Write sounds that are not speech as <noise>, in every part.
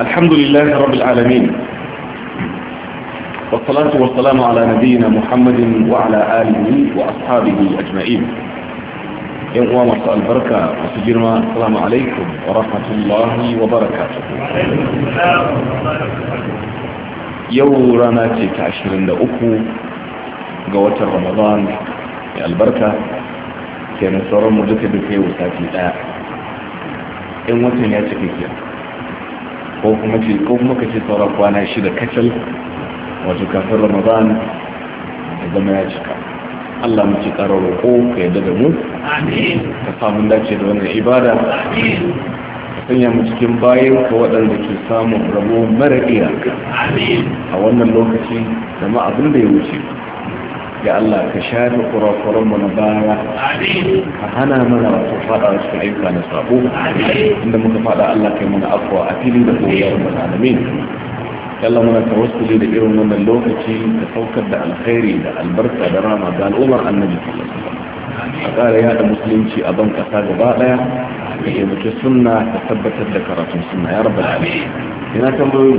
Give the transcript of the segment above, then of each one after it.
الحمد لله رب العالمين والصلاة والسلام على نبينا محمد وعلى آله وأصحابه أجمعين يوم مرسى البركة وسجرنا السلام عليكم ورحمة الله وبركاته يوم راناتي تعشرين لأكو قوة رمضان البركة كان صار مدتب في وساتي الآن إن وطن يتكي ko kuma ce ko kuma ka ce sauran kwana shida kacal wato kafin ramadan da zama ya cika Allah mu ci ƙarar roƙo ka yadda da mu ka samun dace da wannan ibada ka sanya mu cikin bayan ka waɗanda ke samun rabo mara iyaka a wannan lokaci da ma abin da ya wuce ya Allah ka shafi kurakuran mu na baya ka hana mana wasu fada wasu ayyuka na sabo inda muka fada Allah kai mana afwa a fili da koyar mu alamin Allah muna tawassuli da irin wannan lokaci ka saukar da alkhairi da albarka da rama ga al'ummar annabi sallallahu a ƙara yada musulunci a ban ƙasa gaba ɗaya da ke mutu sunna ta tabbatar da karatun sunna ya rabu da ina tambayoyi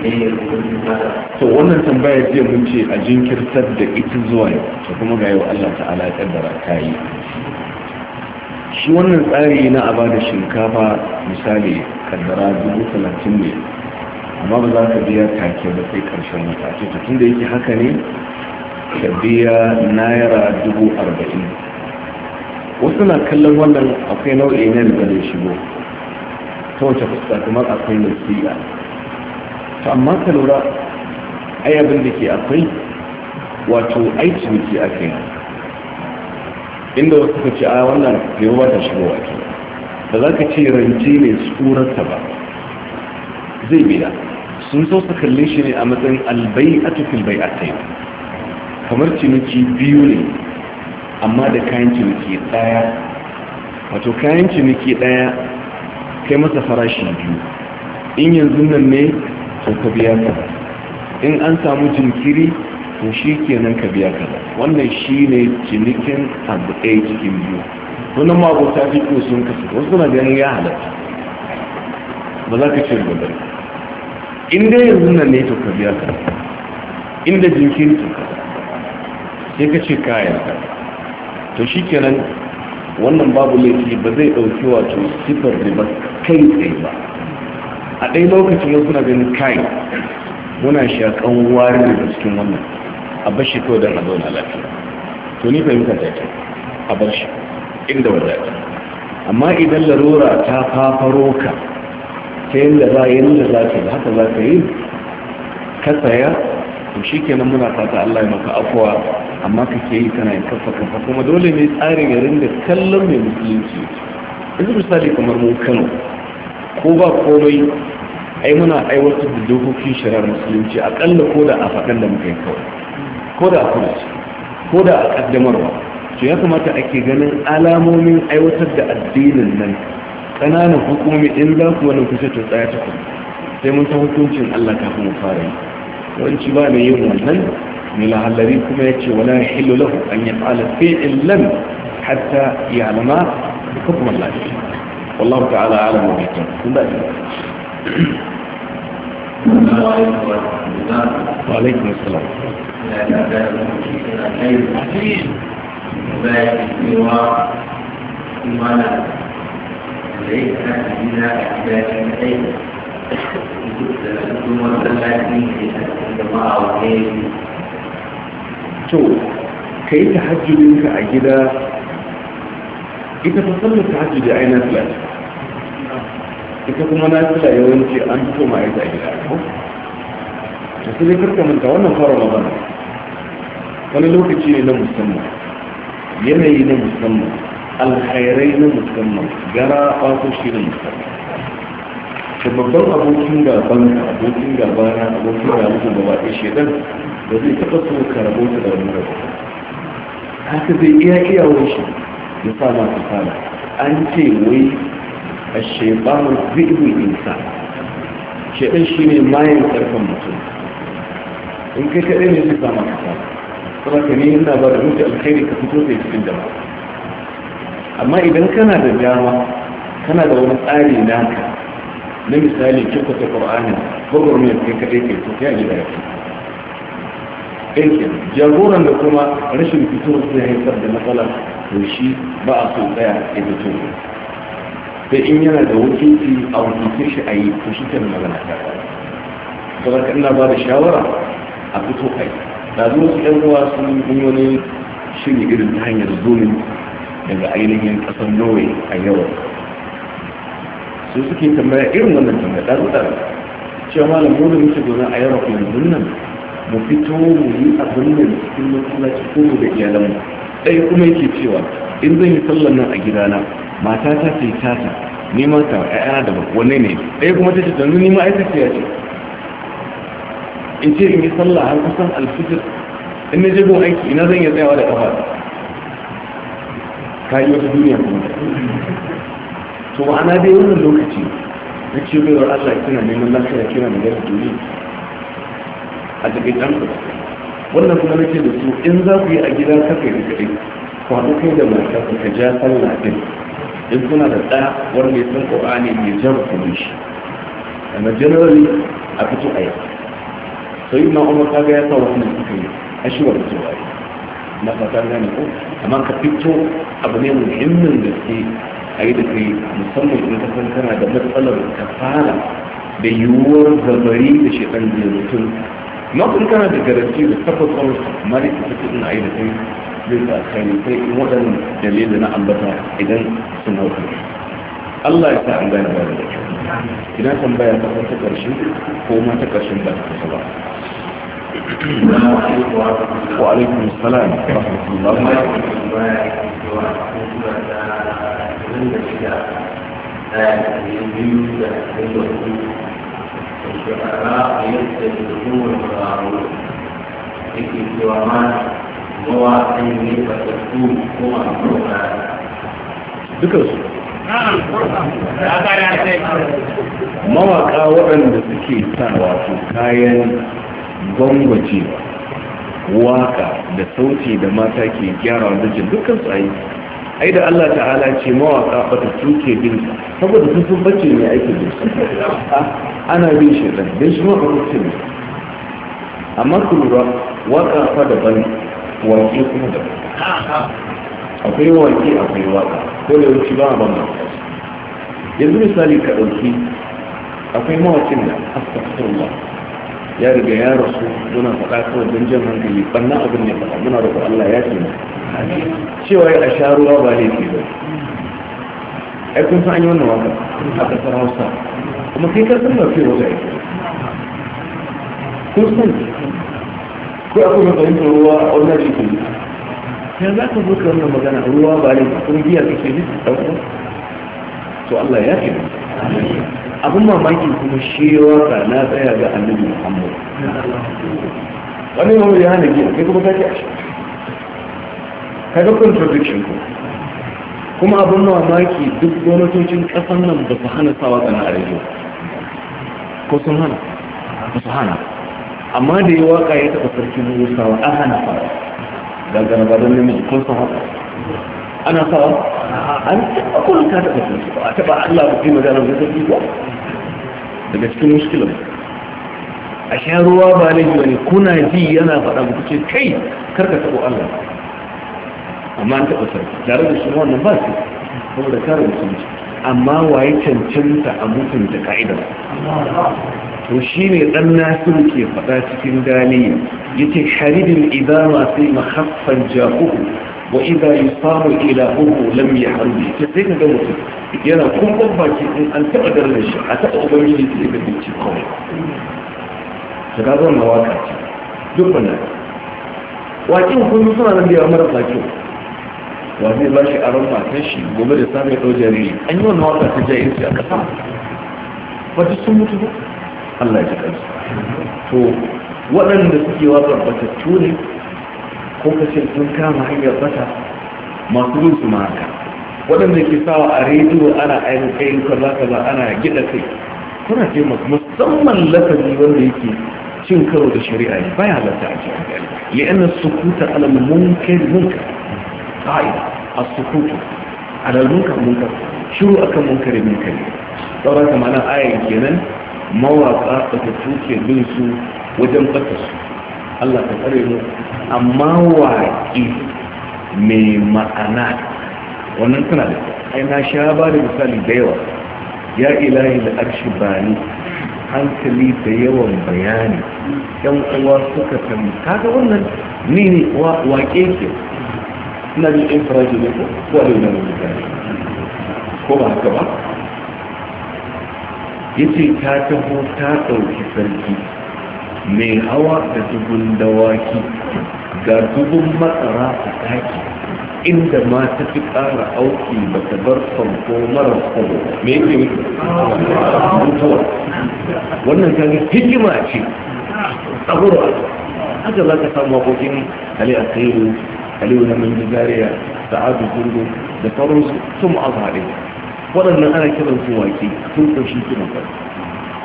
to wannan tambaya jiya mun ce a jinkirtar da ita zuwa yau to kuma ga yau Allah ta'ala ya kaddara ta yi shi wannan tsari na a bada shinkafa misali kaddara dubu talatin ne amma ba za ka biya take ba sai karshen wata ce tun da yake haka ne ka biya naira dubu arba'in wasu na kallon wannan akwai nau'i ne da zai shigo ta wace fuska kamar akwai nasiya to amma ka lura ayyabin da ke akwai wato aiki ciniki a kai inda wasu ka ce a wannan yau ba ta shigo wake Da za ka ce rance mai tsurarsa ba zai bida sun so su kalle shi ne a matsayin albai a tufil bai a tai kamar ciniki biyu ne amma da kayan ciniki daya wato kayan ciniki daya kai masa farashi biyu in yanzu nan ne to ka biya kaza in an samu jinkiri to shi kenan ka biya kaza wannan shi ne cinikin abu ɗaya cikin biyu wannan magota ko sun kasu wasu na ganin ya halatta ba za ka ce gudun inda yanzu nan ne to ka biya kaza inda jinkiri to kaza sai ka ce kayan kaza to shi kenan wannan babu laifi ba zai ɗauki wato sifar ba kai tsaye ba a ɗai lokacin yau kuna ganin kai muna shakan wari da cikin wannan a bashi kawai don a zauna lafiya to ni fahimta ta ce a bashi inda ta. amma idan larura ta fafaro ka ta yadda za yadda za ta da haka za ka yi ka tsaya to shi kenan muna fata Allah ya maka afuwa amma ka ke yi kana yin kafa kafa kuma dole ne tsarin yarin da kallon mai musulunci yanzu misali kamar mu kano ko ba komai ai muna aiwatar da dokokin shari'ar musulunci akalla ko da a faɗan da muka yi kawai ko da a kulaci ko da a ƙaddamarwa to ya kamata ake ganin alamomin aiwatar da addinin nan ƙananan hukumomi in za ku wani kusa ta tsaya ta sai mun ta hukuncin allah kafin mu fara yi yawanci ba mai yin wannan lahallari kuma ya ce wani hillu lahu an ya fi'in lam hatta ya da kuma lafiya والله تعالى أعلم وحكم من بعد وعليكم السلام كيف kai منك a ita ta sallar ta hajji da aina fila ita kuma na fila yawanci an fito ma aita gida da su ne karka manta wannan fara magana wani lokaci ne na musamman yanayi na musamman alkhairai na musamman gara ɓato shi na musamman da babban abokin gaban ka abokin gabana abokin gaban ka gaba ɗaya shedan da zai taɓa so ka ta da wani rabu haka zai iya iyawar shi ya sa ma kasala an ce wai a shebanu zidu insa shedan shi ne mayan karfan mutum in kai kaɗai ne zai sama kasala kuma ka ne yana ba da mutu alkhairi ka fito da cikin dama amma idan kana da dama kana da wani tsari naka na misali kyauta ta ƙwa'anin gwagwarmiyar kai kaɗai kai to ta yi da ya fi aiki jagoran da kuma rashin fito zai haifar da matsala to shi ba a so tsaya ya fito sai in yana da wakilci a wakilci shi a yi to shi kan magana ta saboda kan ina ba da shawara a fito kai na zuwa su yan uwa sun yi wani shiri irin ta hanyar zoom daga ainihin ƙasar norway a yawa sai suke tambaya irin wannan tambaya ɗaru ɗaru cewa malam mu da muke zaune a yawa kuma nan mu fito mu yi abin da cikin masallaci ko mu da iyalanmu ɗaya kuma yake cewa in zan yi sallar nan a gidana mata ta ta ta, ni ma ta ƴaƴana da wanne ne ɗaya kuma ta ce yanzu ni ma aika ce in ce in yi sallah har kusan alfijir in na je gun aiki ina zan iya tsayawa da ƙafa ka yi wata duniya kuma to ma'ana dai wannan lokaci na ce wa Allah kina neman lafiya kina da gaske duniya a cikin ɗan wannan kuma nake da su in za ku yi a gida kaka yi kaɗai ku haɗu kai da mata ku ka ja sallah din in kuna da ɗa wanda ya san ƙo'ani mai jan kuma shi amma generally a fito a yi sai na umar kaga ya sa wasu suka yi a shi wa fito a yi na fata gane ko amma ka fito abu ne muhimmin da ke a yi da kai musamman in ka san kana da matsalar ka fara da yiwuwar zabari da shekaru da mutum not in kana da garanti da tabbatar malik da take ina aida sai zai ta alkhairi sai in waɗannan dalilin na ambata idan sun hau kan Allah ya sa an gane ba da kyau idan tambaya ta ta karshe ko ma ta karshen ba ta kusa ba wa alaikum salam wa rahmatullah wa barakatuh الشعراء يستجدون فتكون هو القرآن mawaka waɗanda suke sa wato kayan gwangwacewa waka da sauti da mata ke gyara wajen dukkan su yi. ai da Allah ta'ala ce mawaka bata ta tuke bin saboda sun sun bace ne aikin bin ana bin shi dan bin shi mawaka ce ne amma ku lura waka fa da daban waƙe kuma daban akwai waƙe akwai waka ko da wuce ba ban ba yanzu misali ka ɗauki akwai mawakin da astagfirullah ya riga ya rasu muna faɗa kawai don jan hankali ɓanna abin ne faɗa muna roƙo Allah ya ce cewa ya sha ruwa ba laifi ba ai kun san an yi wannan waka a ƙasar Hausa kuma kai ka san mafi wata ya kun san ko akwai mai fahimtar ruwa a wannan jikin ya za ka zo ka wannan magana ruwa ba laifi kun giya kake ne to Allah ya ce abin mamaki kuma shi waka na tsaya ga annabi muhammad wani yawon ya hana giya kai kuma kake shi ka ga contradiction ku kuma abin mamaki duk gwamnatocin kasan nan ba su hana sa waka na arewa ko sun hana ba su hana amma da yi waka ya taɓa sarkin musawa an hana fara daga ba don neman kun sun hana ana sawa an taɓa kullum ka taɓa sun ba a taɓa Allah ba fi magana da sauki ba daga cikin muskilan a sha ruwa ba laifi ba ne kuna ji yana faɗa ba ce, kai karka taɓa Allah amma an taɓa sarki tare da shi wannan ba su saboda kare musulunci amma waye cancanta a mutunta ka'idar to shi ne ɗan nasir ke faɗa cikin daliya ya ce haribin idama sai mahaffan jakuku Wa'iza idza yusamu ila uku lam yahruji ta sai ka ga mutum yana kumban baki in an taba darda shi a taba ubangiji su ka bincike kawai ta ga zan mawaka ce duk wannan waƙin kun suna nan da yawa marasa kyau wani ba shi aron matan shi gobe da samun ɗau jariri an yi wani waka ta jayirci a ƙasa Ba wadda sun mutu ba, Allah ya ji ƙarfi to waɗanda suke waƙar batattu ne ko ka ce sun kama hanyar bata masu yin su maka waɗanda ke sawa a rediyo ana ainihin kaza kaza ana gida kai kuna ce musamman lafazi wanda yake cin karo da shari'a ne baya halatta a cikin gari li'anna sukuta ala munkar munkar qa'ida as-sukutu ala munkar munkar shiru akan munkar munkar saboda kamar ayan kenan mawaka da tuke bin su wajen batta su Allah ta tsare mu amma waƙi mai ma'ana wannan tana da ai na sha ba da misali da yawa ya ilahi da arshi bani hankali da yawan bayani yan uwa suka tambi kaga wannan ni ne waƙe ke ina jin faraji ne ko kuwa da yanar mutane ko ba haka ba yace ta taho ta ɗauki sarki mai hawa da tubun dawaki ga tubun matsara a taki inda ma ta fi ƙara auki ba ta bar farko mara kwallo mai yi mutuwa wannan kan hikima ce tsagurwa haka za ka samu abokin ali a kairu aliyu na min da sa'adu gungun da sauransu sun mu'azhari waɗannan ana kiran su waƙi sun ƙunshi kiran kwallo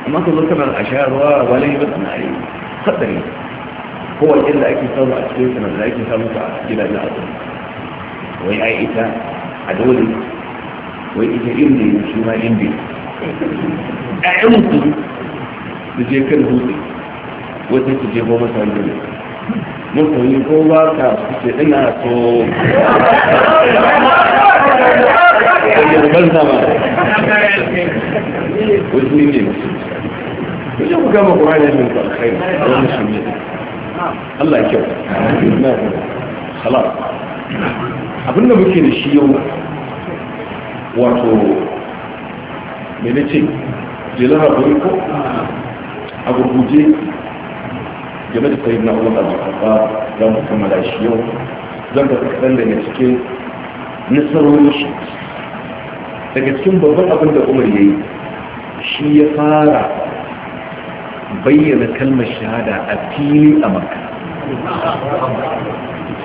amma ka zo kana a sha ruwa ba lai ba tana yi hatsari kowa inda ake samu a cikin sanar da ake samu a gidajen a tsari wai ai ita a dole wai ita inda yi shi ma inda ɗayan mutum su je kan dutse wata su je goma sa wani mutum yi ko ba ka suke ce so musulmi ne musulmi min Allah kyau muke da shi yau wato mene ce ko a gurguje game da sayi na da ba za mu kammala shi yau zan kaɗan daga cikin nasarorin shi daga cikin babban abin da umar ya yi shi ya fara bayyana kalmar shahada a fili a makka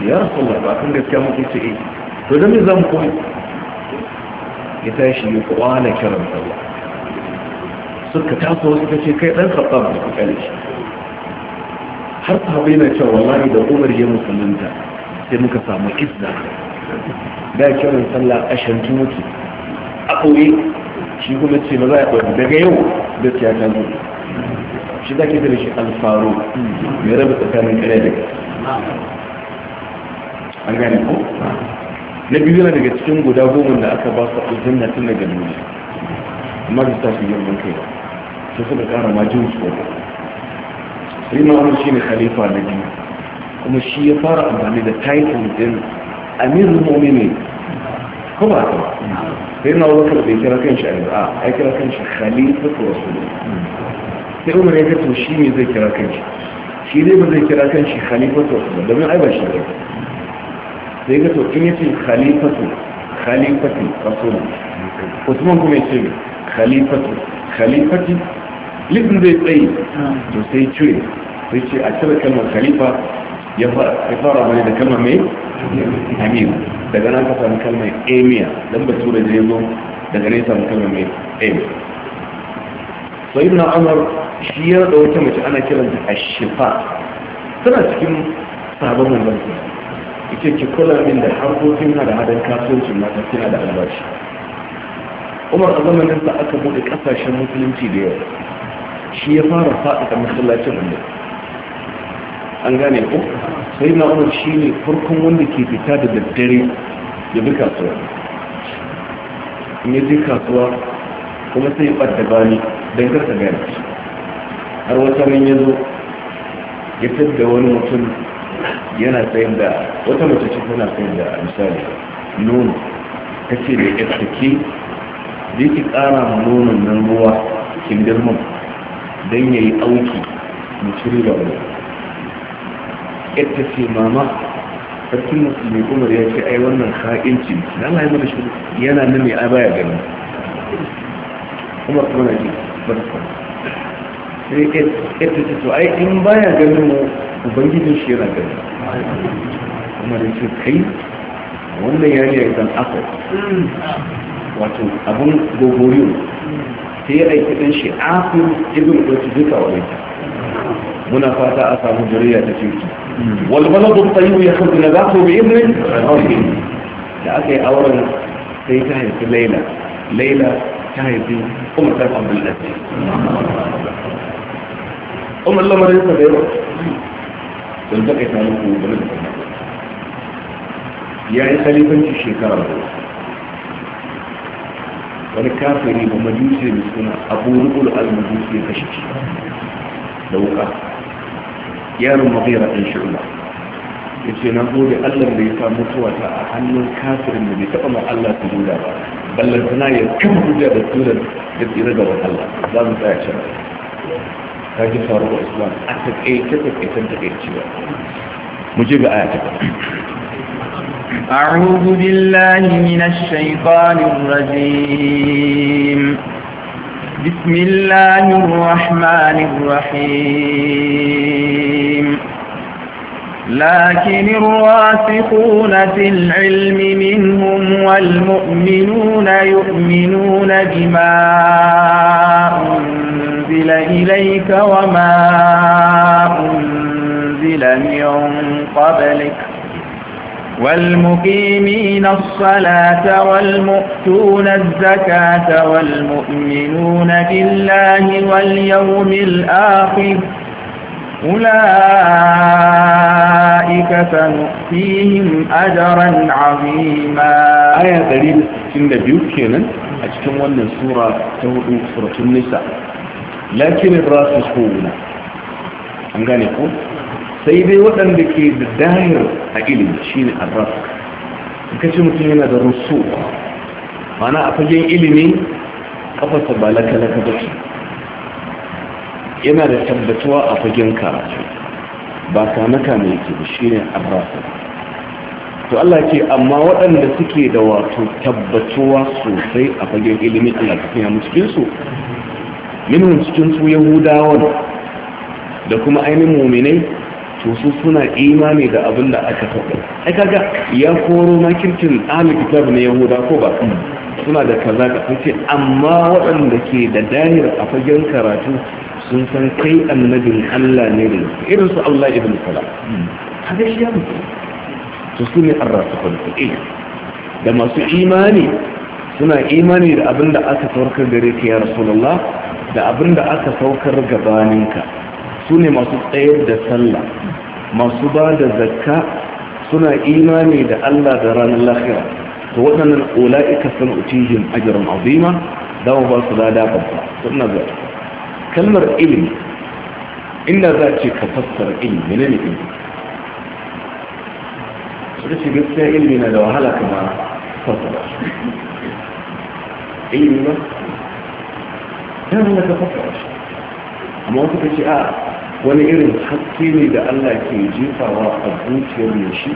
ya rasu ba kan gaskiya muke ce eh to da me za mu koyi ya tashi ya kwana kiran sallah suka taso wasu ta ce kai dan sabba ba su kale shi har sahabai na cewa wallahi da umar ya musulunta sai muka samu izza da kiran sallah a shantu mutu a ɓoye shi kuma ce ba za a ɓoye daga yau da ta ta zo shi za ki da shi alfaro mai raba tsakanin kare da an gane ko na biyu yana daga cikin guda goma da aka ba su aljanna tun daga duniya amma da tashi yin kai ba sai suka kara ma jin tsoro rima wani shi ne khalifa na biyu kuma shi ya fara amfani da titan din امير المؤمنين كما كما فإن الله كرة يكرا كنش أمير آه يكرا كنش خليفة رسول الله في عمر يكرا شيء من ذي كرا كنش شيء ذي من ذي كرا كنش خليفة رسول الله دمين عيبا شيء ذي ذي كرا كنش خليفة خليفة رسول الله عثمان كم يسمي خليفة خليفة لكن ذي قيد جو سيد شوي ويشي أكثر كلمة خليفة يفرق يفرق من ذي كلمة مين amin daga nan ka samu kalmar emiya don ba tura je zo daga ne samu kalmar mai emiya sai na Amur shi ya da wata mace ana kiranta ashifa tana cikin sabon manzon ita ki kula min da harkokin na da hadan kasuwancin mata kina da albashi umar a zamanin sa aka bude kasashen musulunci da yawa shi ya fara faɗaɗa masallacin annabi an gane ku sai na umar shi ne farkon wanda ke fita da daddare ya bi kasuwa in ya kasuwa kuma sai ya ɓadda bani don karsa gane har wata ran ya zo ya da wani mutum yana sayar da wata mace ce tana sayar da misali nono ta ce da ya take zai ki ƙara ma nonon nan ruwa kin girman don ya yi auki mu cire da wani yadda ce mama sarkin musulmi umar ya ce ai wannan ha'inci na Allah ya mana shi yana nan ne a baya gani umar kuma na ji barka sai yadda ce to ai in baya gani mu ubangijin shi yana gani umar ya ce kai wannan yari ya zan aka wato abin gogoriyo sai ya aiki ɗan shi afin ibn wata duka wani muna fata a samu jariya ta cikin والولد الطيب يخرج نباته بإذن ربهم لأكي أولا في تهي في الليلة ليلة تهي في أم الله عبد الله أم الله مريضة بيروت تنبقي تعلمه بلد يعني خليفة الشيكارة والكافرين ومجوسي بسنا أبو رؤل المجوسي بشكي دوقة yaron maghira din shu'ba yace na gode Allah da ya sa mutuwa ta a hannun kafirin da bai taɓa ma Allah su duda ba ballan tana ya kama hujja da sunan da tsira gaban Allah za mu tsaya shi ta ji faruwa islam a ta ta taƙaice taƙaicen taƙaicewa mu je ga aya ta أعوذ بالله من الشيطان الرجيم بسم الله الرحمن الرحيم لكن الراسخون في العلم منهم والمؤمنون يؤمنون بما أنزل إليك وما أنزل من قبلك والمقيمين الصلاة والمؤتون الزكاة والمؤمنون بالله واليوم الآخر أولئك سنؤتيهم أجرا عظيما آية دليل سنة بيوكينا أجتم أن سورة تهدو سورة النساء لكن الراس هو هنا أنقاني يقول sai dai waɗanda ke da dahir a ilimi shi ne arras ka ce mutum yana da rusu mana a fagen ilimi kafasa ba laka-laka ba ce yana da tabbatuwa a fagen karatu ba kanaka mai ke da shi ne to Allah ce amma waɗanda suke da wato tabbatuwa sosai a fagen ilimin Allah ta fiya cikinsu minhum cikinsu yahudawan da kuma ainihin muminai to su suna imani da abin da aka faɗa ai kaga ya koro kirkin, ahli kitab na yahuda ko ba mm. suna da kaza ka sun amma waɗanda ke da dahir a fagen karatu sun san kai annabin Allah ne da irin su Allah ibn Salam mm. kaga shi ya mutu to su ne arrasu eh, da masu imani suna imani da abin da aka saukar gare ka ya rasulullah da abin da aka saukar gabaninka su ne masu tsayar da sallah masu ba da zakka suna imani da Allah da ranar lahira to waɗannan ula'ika sun utihim ajran azima mu ba su da dafa suna ga kalmar ilimi inda za ce ka fassara ilimi ne ne ilimi su da shiga sai ilimi na da wahala kama fassara ilimi ba yana da ka fassara shi amma wata ka ce a wani irin haske ne da allah ke jefawa a zuciyar mai shi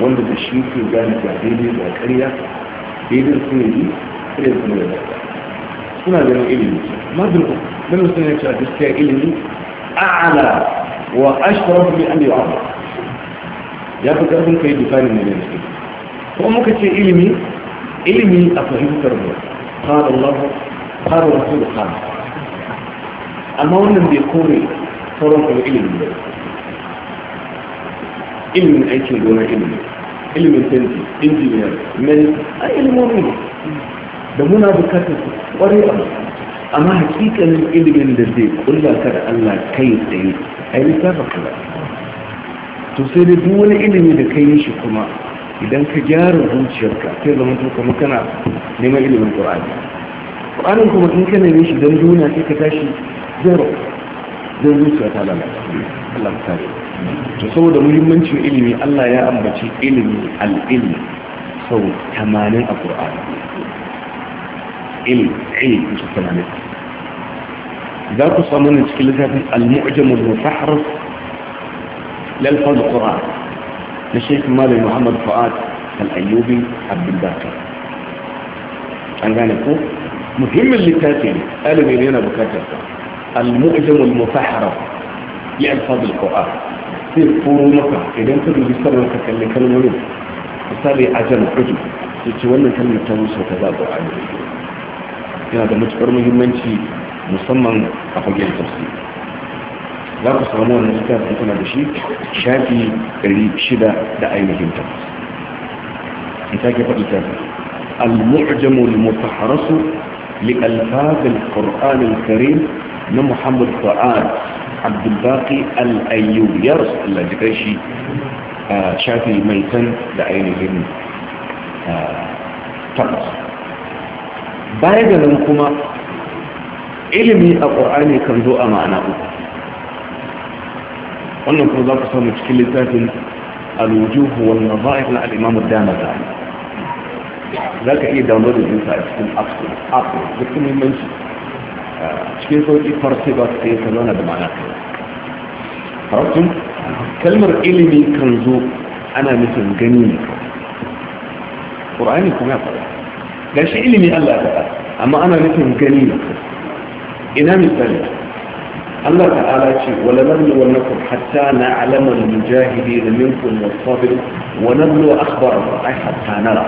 wanda da shi ke gani ga daidai da karya daidai su ne yi kare su ne da suna ganin ilimi madin ganin sun yace a gaskiya ilimi a'ala wa ashrafu bi an yu'ala ya fi karfin kai dufanin ne ne kuma muka ce ilimi ilimi a fahimtar mu qala allah qala rasul qala amma wannan bai kore sauran kuma ilimin da ilimin aikin gona ilimi ilimin canji injiniyar mai a ilimin ne da muna bukatar su kwarai a amma hakikanin ilimin da zai kulla ka da Allah kai tsaye a yi lissafa kula to sai da duk wani ilimi da kai shi kuma idan ka gyara zuciyarka sai zama to kamar kana neman ilimin qur'ani qur'anin kuma in ka yin shi dan duniya sai ka tashi zero zai zuciya ta lalata Allah ta kare to saboda muhimmancin ilimi Allah ya ambaci ilimi al-ilmi sau 80 a Qur'ani ilmi ilmi su 80 za ku samu ne cikin littafin al-mu'jam al-mutahrif lal fadl Qur'an na Sheikh Malik Muhammad Fuad al-Ayyubi Abdul Bakar an gane ko muhimmin littafi ne ɗalibin yana bukatar sa المؤذن المتحرف يلفظ القرآن في فرونك إذا أنت بيستر لك كلمة كلمة أجل حجم يتولى كلمة تنسى تذاب عليك هذا مجبر مهمان شيء مصمم أخوك التفسير لا تسلموا الكتاب يكون هذا الشيء شافي اللي شدة دعاية مهمتا أنت كيف أتكلم المعجم المتحرص لألفاظ القرآن الكريم na muhammad fa'ad abdulbaki al'ayyu ya rasu allah jikai shi a shafi mai san da ainihin tabbas baya ga nan kuma ilimi a ƙur'ani kan zo a ma'ana uku wannan kuma za ku samu cikin littafin alwujuhu wal nazair na al-imam ad Za ka iya download din sa a cikin app muhimmanci شيخو يفرسي باكتين سلونا بمعنى كده ربتم كلمة إلمي كنزو أنا مثل جنيني قرآني كم يقول لا شيء إلمي ألا أتأل أما أنا مثل جنيني إنامي الثاني الله تعالى ولمن يولنكم حتى نعلم المجاهدين منكم والصابر ونبلو أخبر أي حتى نرى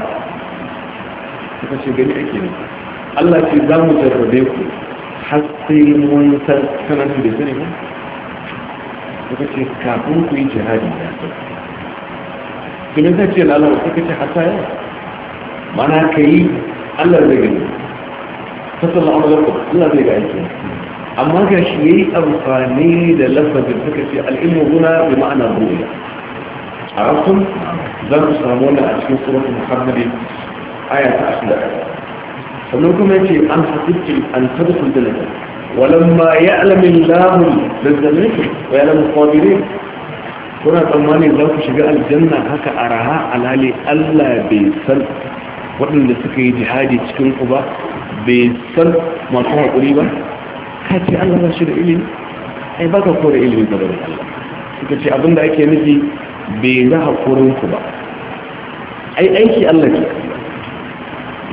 كيف شيء جنيني الله تعالى مجربيكم har mun san da sani ba suka ce kafin ku yi jihadi da su domin ta ce lalawa suka ce hasa yawa mana ka yi allah zai gani sassan la'amurar ku allah zai ga aiki amma ga shi ya yi amfani da lafazin suka ce al'ilmu guna da ma'ana ruwa a rasul za ku samu wannan a cikin surat muhammadin aya ashirin da sannan kuma yake an hasibtum an tadkhul jannata walamma ya'lamu Allahu lazzamikum wa ya ya'lamu sabirin kuna tsammani za ku shiga aljanna haka araha alali Allah bai san waɗanda suka yi jihadi cikin ku ba bai san masu haƙuri ba ka ce Allah ba shi da ilimi ai ba ka kore ilimin da bari Allah suka ce abinda ake nufi bai na haƙurin ku ba ai aiki Allah ke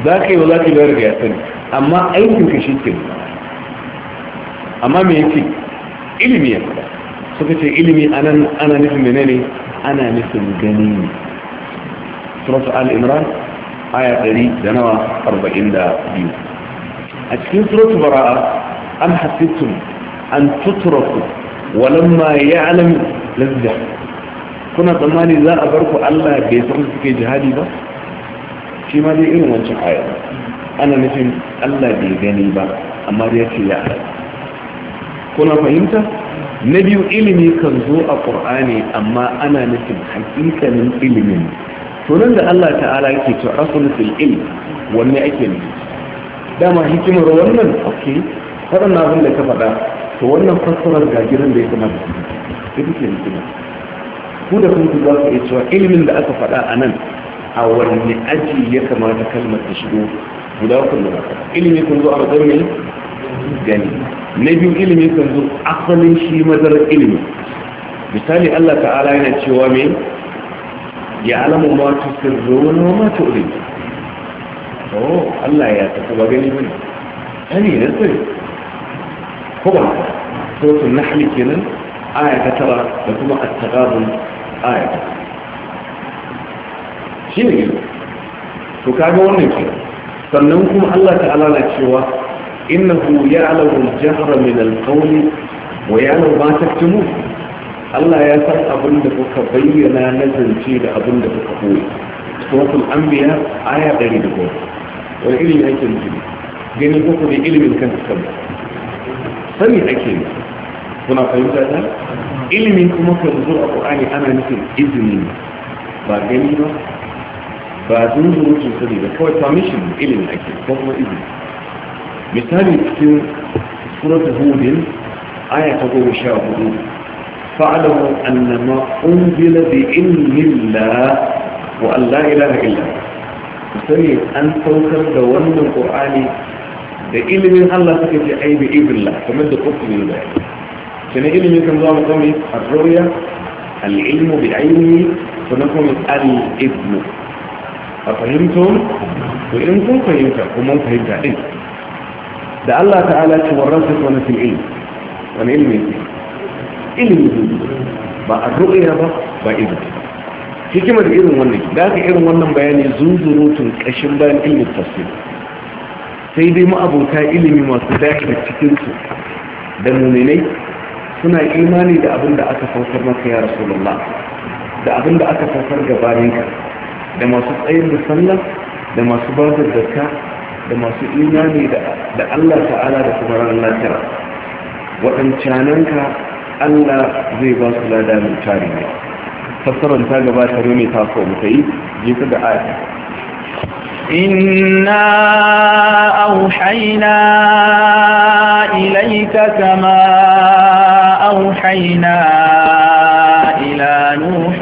za ka yi wa za ka bayar da ya amma aikin ka shi ke amma me yake ilimi ya fada suka ce ilimi anan ana nufin menene ana nufin gani ne suratu al-imran aya 100 da nawa 42 a cikin suratu bara'a an hasittum an tutraku walamma ya'lam lazza kuna tsammani za a bar ku Allah bai san suke jihadi ba shi ma dai irin wancan ayar ana nufin Allah bai gani ba amma dai ce ya kuna fahimta na biyu ilimi kan zo a qur'ani amma ana nufin hakikanin ilimin to nan da Allah ta'ala yake to rasul fil ilm wanne ake ne dama hikimar wannan okay faɗin abin da ka faɗa to wannan fassarar ga gidan da ya kamata ita ce hikima ku da kun za ku iya cewa ilimin da aka faɗa a nan a wanne aji ya kamata kalmar ta shigo guda kun da maka ilimi kun zo a matsayin mai gani na biyu ilimi kun zo asalin shi mazarar ilimi misali Allah ta'ala yana cewa mai ya alamu ma ta sirro wani ma ta ulimi oh Allah ya tafi ba gani bane ani na sirri ko ba sautin nahli kenan aya ta tara da kuma at-taqabul aya ta shi ne gizo to kaga wannan ke sannan kuma Allah ta'ala na cewa innahu ya'lamu al-jahra min al-qawli wa ya'lamu ma taktumun Allah ya san abin da kuka bayyana na zance da abin da kuka koyi suratul anbiya aya 110 wani irin ake nufi gani kuka da ilimin kan kanka sani ake nufi kuna fahimta ta ilimin kuma kan zo a qur'ani ana nufin izini ba gani ba فعزيني جنوش الخدي ده كوي تعميش الإلي من أكل فضل إذن مثال يكتن سورة هود آية تقول شاء هود فعلموا أن ما أنزل بإلم الله وأن لا إله إلا مثال يكتن سورة دوان من القرآن بإلم الله فكتن أي بإذن الله فمد قصة لله كان إلم كم ضعب قومي الرؤية العلم بالعلم فنقوم الإذن a fahimto to in kun fahimta kuma fahimta din da Allah ta'ala ce warrasa ta wani fil'il wani ilmi ilmi ba a ru'ya ba ba ilmi hikimar irin wannan da aka irin wannan bayani zunzurutun ƙashin bayan ilmi tafsir sai dai ma'abota ilimi masu dace cikinsu da muminai suna imani da abin da aka saukar maka ya rasulullah da abin da aka saukar gabaninka da masu tsayin da sallah da masu ba da zakka da masu imani da Allah ta'ala da kuma ran lafiya waɗancananka Allah zai ba su lada mai tari ne fassarar ta gabata ne ta so mu yi jika da aya إنا أوحينا إليك كما أوحينا إلى نوح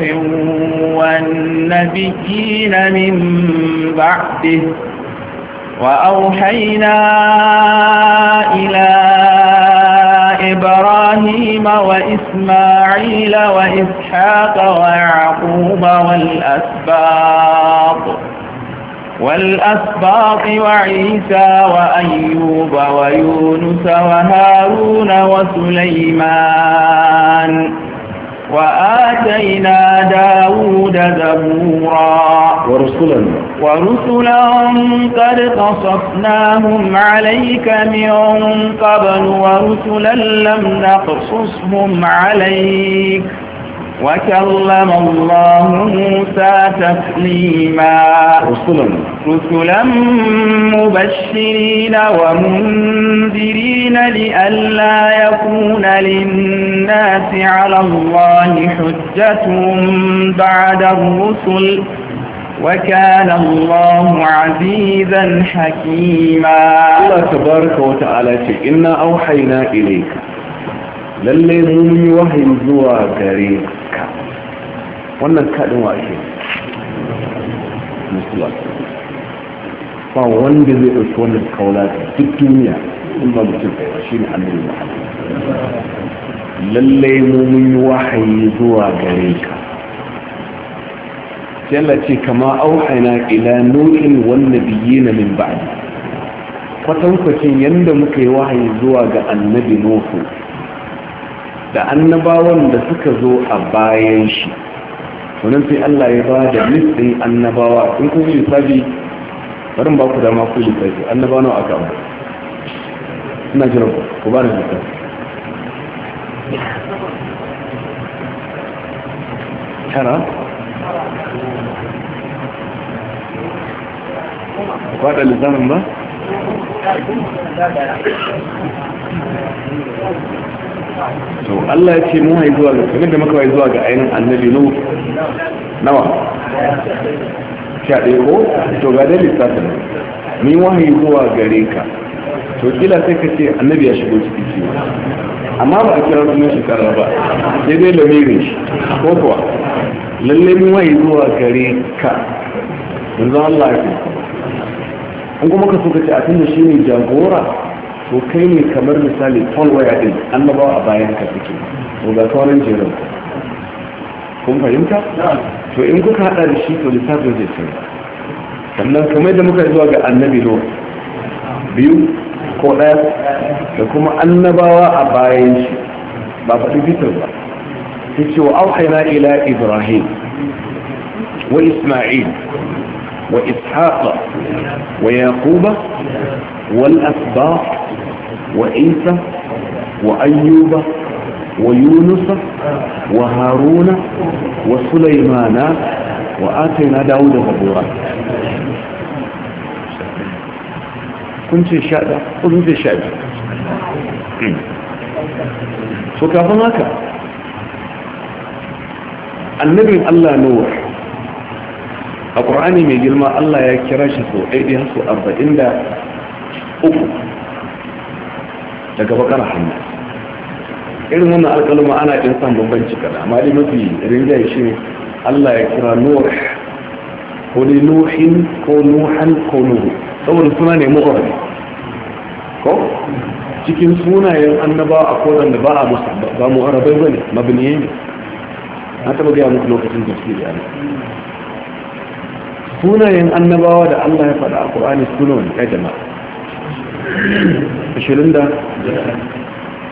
والنبيين من بعده وأوحينا إلى إبراهيم وإسماعيل وإسحاق ويعقوب والأسباط والأسباط وعيسى وأيوب ويونس وهارون وسليمان وآتينا داود زبورا ورسلا ورسلا قد قصصناهم عليك من قبل ورسلا لم نقصصهم عليك وكلم الله موسى تسليما رسلا رسلا مبشرين ومنذرين لئلا يكون للناس على الله حجة بعد الرسل وكان الله عزيزا حكيما الله تبارك وتعالى إنا أوحينا إليك للي هم وهم زوا كريم ka wannan kaɗin wa ake musuwa ba wanda zai ɗauki wannan kaula duk duniya in ba mutum ɗaya ba shi ne annabi muhammad lallai mu mun yi wahayi zuwa gare ka yalla ce kama auhaina ila nuhin wannan na min ba'di kwatankwacin yadda muka yi wahayi zuwa ga annabi nuhu da annabawan da suka zo a bayan shi sunan sai Allah ya ba da listin annabawa in kun yi lissafi bari ba ku dama ku lissafi annabawa nawa aka ba ina jira ku ku ba da lissafi tara kwada lissafin ba to Allah ya ce mu hai zuwa ga kamar da muka hai zuwa ga ainihin annabi nu nawa sha ɗaya ko to ga dai lissafin ni wahayi zuwa gare ka to kila sai ka ce annabi ya shigo ciki kiwo amma ba a kira sunan shi karar ba sai dai lamirin shi ko kuwa lalle mu wahayi zuwa gare ka yanzu Allah ya ce in kuma ka so ka ce a tunda shi ne jagora to kai ne kamar misali paul waya din annabawa a bayan ka suke to ga sauran jerin kun fahimta to in kuka hada da shi to lissafin zai sai sannan kamar da muka zuwa ga annabi no biyu ko ɗaya da kuma annabawa a bayan shi ba faɗi bitar ba ta ce wa auhaina ila ibrahim wa isma'il wa ishaqa wa yaquba wal asbaq وعيسى وأيوب ويونس وهارون وسليمان وآتينا داود زبورا كنت شادا كنت شادا فكافن هكا النبي الله نور القرآن من جلما الله يكراش سوء أيدي هسوء أربعين دا أكو daga bakar hannu irin wannan alƙalma ana ɗin san bambanci kada amma dai mafi rinjaye shi Allah ya kira nuh ko ne nuhin ko nuhan ko nuhu saboda suna ne ne ko cikin sunayen annaba a kodan da ba a musa ba mu'arrabai ba ne mabiniye ne na taɓa gaya muku lokacin tafsiri a sunayen annabawa da Allah ya faɗa a Qur'ani suna wani jama'a ashirin da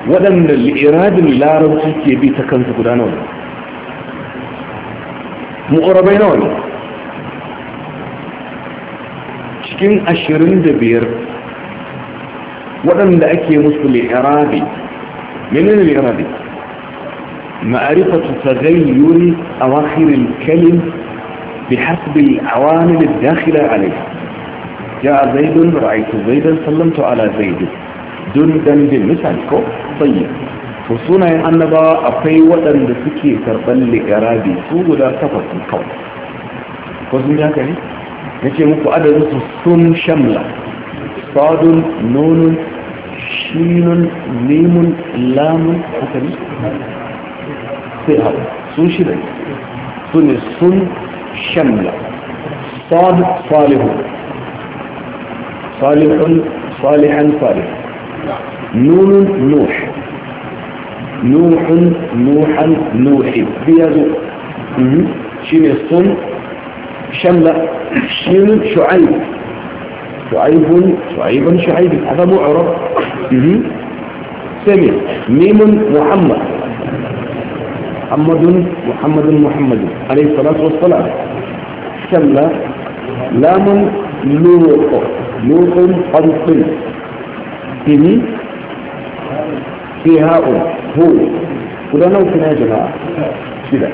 waɗanda li'iradin larabci ke bi ta kansu guda nawa mu'arabai nawa ne cikin ashirin da biyar waɗanda ake musu liradi menene liradi ma'arifatu tagayyuri awakhir al-kalim بحسب العوامل الداخلة عليه ja zaidun ra'aitu zaidan sallamtu ala zaidu dun dan bin misali ko bayyana to sunayen annabawa akwai waɗanda suke karɓar liƙarabi su guda takwas kawai ko sun ja ne na ce muku adadin su sun shamla sadun nunun shinun nemun lamun haka ne sai hau sun shida su ne sun shamla sad salihu صالح صالحا صالحا نون نوح نوح نوحا نوحي بيده شين الصن شملة شين شعيب شعيب شعيب شعيب هذا معرب سمي ميم محمد محمد محمد محمد عليه الصلاة والسلام شملة لام لوط يوقن قدسي بني في هؤلاء هو كده نوكنا يا جماعة كده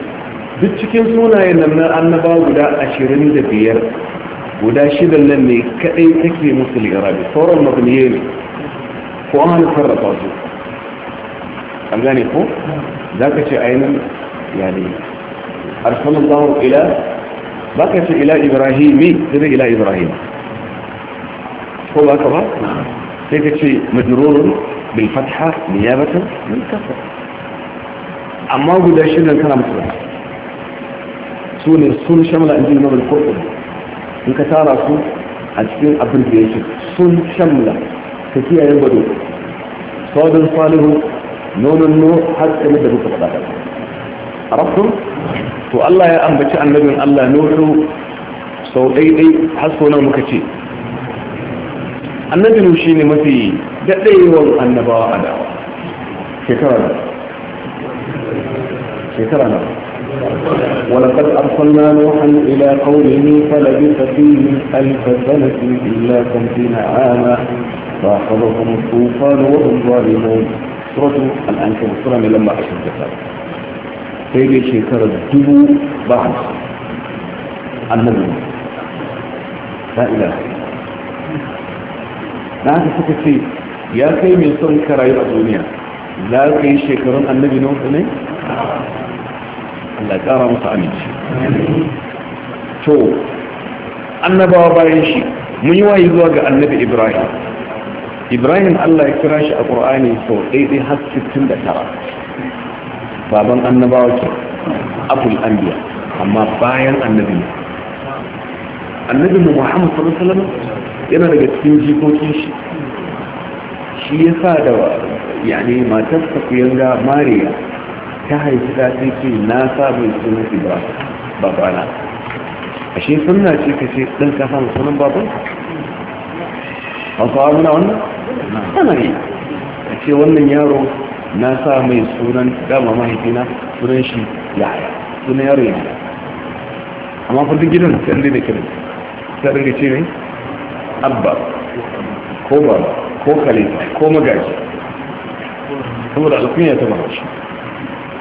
بيتشكين سونا ينمنا أنبا ودا أشيرين دبير ودا شده لني كأي تكي مصري غرابي صورة المغنيين فؤان الفرة طازو أمداني خو ذاك شيء يعني أرسل الله إلى ذاك شيء إلى إبراهيم ذاك إلى إبراهيم ko ba ka ba sai ka ce majrurun bil fatha niyabatan min kafa. amma guda shirin kana musu su ne sun shamla injil mabal qur'an in ka tara su a cikin abin da yake sun shamla ka kiyaye gwado saudan salihu nonon no har tsaye da muka faɗa arabtum to Allah ya ambaci annabin Allah nuhu sau ɗaiɗai har sau nan muka ce annabi nu shine mafi daɗaiwan annabawa a dawa shekara na shekara na ولقد أرسلنا نوحا إلى قومه فلبث فيه ألف سنة إلا خمسين عاما فأخذهم الطوفان وهم ظالمون سورة الأنكبوت سورة من لما أشهد الكتاب sai dai shekarar dubu ba annabi ba ila da haka suka ce ya kai mai son karayu a duniya za ka yi shekarun annabi na wata ne? Allah kara masa aminci to annabawa bayan shi mun yi wayi zuwa ga annabi ibrahim ibrahim Allah ya kira shi a ƙur'ani sau ɗaiɗai har da tara. baban annabawa ke abul biya amma bayan annabi annabi muhammad sallallahu alaihi wasallam yana daga cikin jikokin shi shi ya sa da yane matar kuyanga mariya ta haifi ta ce na sa mai sunan ba babana ashe suna ce ka ce ɗan ka samu sunan baban an kawo wannan ana a ce wannan yaro na sa mai sunan dama mahaifina sunan shi yaya sunan yaro yaya amma fa duk gidan sai da ta sai da ce ne abba ko ba ko khalifa ko magaji saboda ya ta bahaushe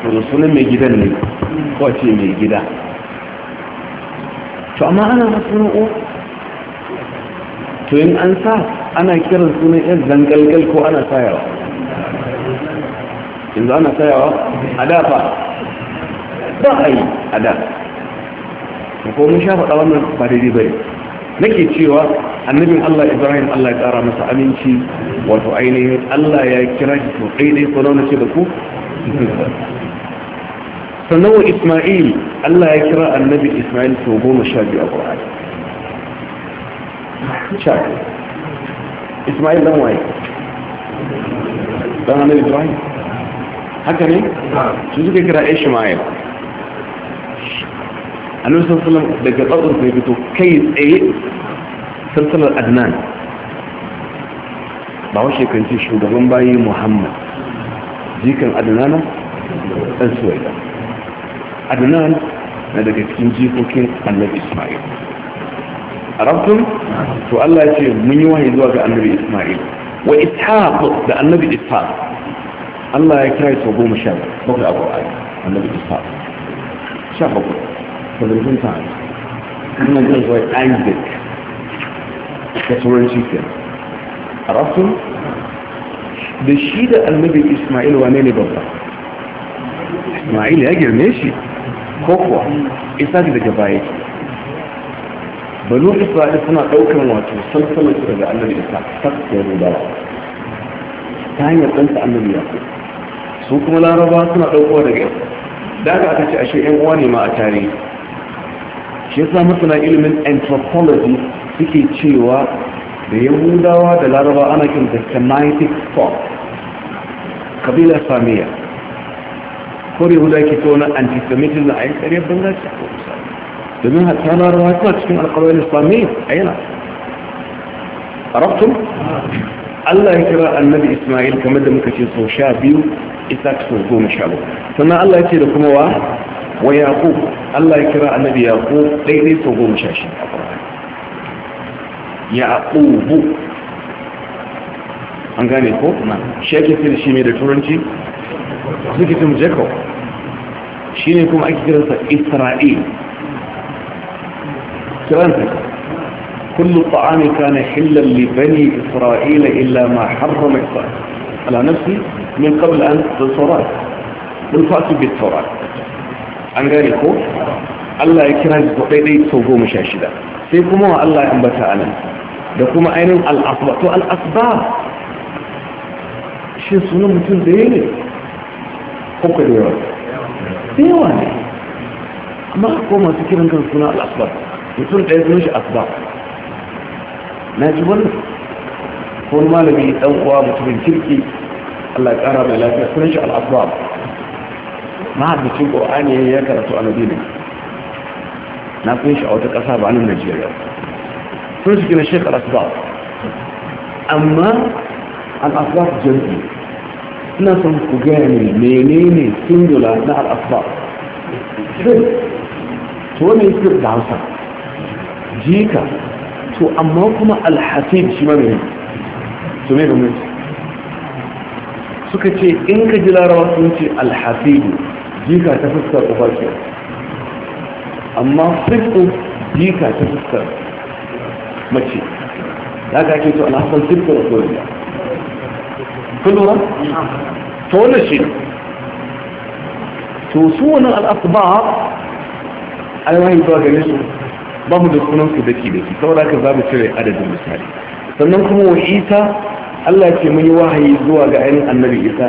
wani sunan mai gidan ne ko ce mai gida to amma ana masu o to yin an sa ana kiran sunan yan zangalgal ko ana sayawa yanzu ana sayawa a dafa ba a yi a da ko mun sha faɗa wannan ba daidai bai nake cewa annabin Allah Ibrahim Allah ya tsara masa aminci wato ainihin Allah ya kira shi to ɗaiɗai ko na ce da ku <laughs> sannan wa Ismail Allah ya kira annabi Ismail to goma sha biyu a Qur'ani sha Ismail dan waye dan annabi Ibrahim haka ne su suka kira Ishmael annabi sallallahu alaihi daga tsatsun sai fito kai tsaye sallallahu adnan ba washe kan ce shugaban bayi muhammad jikan adnana ɗan suwaida adnan na daga cikin jikokin annabi ismail arabtum to allah ya ce mun yi wahayi zuwa ga annabi ismail wa ithaq da annabi ithaq allah ya kira sau goma sha bakwai a ƙwararri annabi ishaq sha bakwai television time kuma zai zuwa isaac ta turanci cikin. a rasul da shi da annabi ismail wane ne babba ismail ya girme shi ko kuwa isaac daga baya ke banu isra'il suna ɗaukar wato sansanin su daga annabi isa sassiyar rudawa ta hanyar ɗanta annabi ya su kuma laraba suna ɗaukowa daga yau da aka ce ashe yan uwa ne ma a tarihi shi yasa masana ilimin anthropology suke cewa da yahudawa da laraba ana kin da semitic folk kabila samiya ko da yahudawa ke kawo na antisemitism a yin tsariyar bangaci a kusa domin hatta larabawa suna cikin alkalwar islamiyya a yana arabtun allah ya kira annabi ismail kamar da muka ce sau sha biyu isa sau goma sha biyu sannan allah ya ce da kuma wa wa yaqub Allah ya kira annabi yaqub daidai to goma sha shi a Qur'ani yaqubu an gane ko shi ake kira shi mai da turanci suke tun jacob shi ne kuma ake kiransa isra'il kiransa kullu ta'ami kana hillan li bani isra'ila illa ma harrama isra'il ala nafsi min qabl an tasawwara bil fa'ti bit tawrat an gane ko Allah ya kira shi daidai sau goma sha shida sai kuma wa Allah ya ambata a nan da kuma ainihin al'asba to al'asba shi sunan mutum da ya ne kuka da yawa da yawa ne amma ko masu kiran kan suna al'asba mutum ɗaya sunan shi asba na ji wannan ko malami ɗan uwa mutumin kirki Allah ya ƙara mai lafiya sunan shi al'asba mahaifin ƙorani ya karatu a madina na kun shi a wata ƙasa ba nan najeriya sun shi gina shekara su ba amma su jam'i ina son ku gane menene singular na al'asbab to wani yi da hausa jika to amma kuma alhasib shi ma mai su mai gwamnati suka ce in ka ji larawa sun ce alhasibu jika ta fuskar uba ke amma sifin jika ta fuskar mace ya ga ake to alhassan sifin da kowai da kun lura? ta wannan shi to su ba a alwahin zuwa gane su ba mu da sunansu daki da su saboda ka za mu cire adadin misali sannan kuma wa ita, Allah ce mun yi wahayi zuwa ga ainihin annabi isa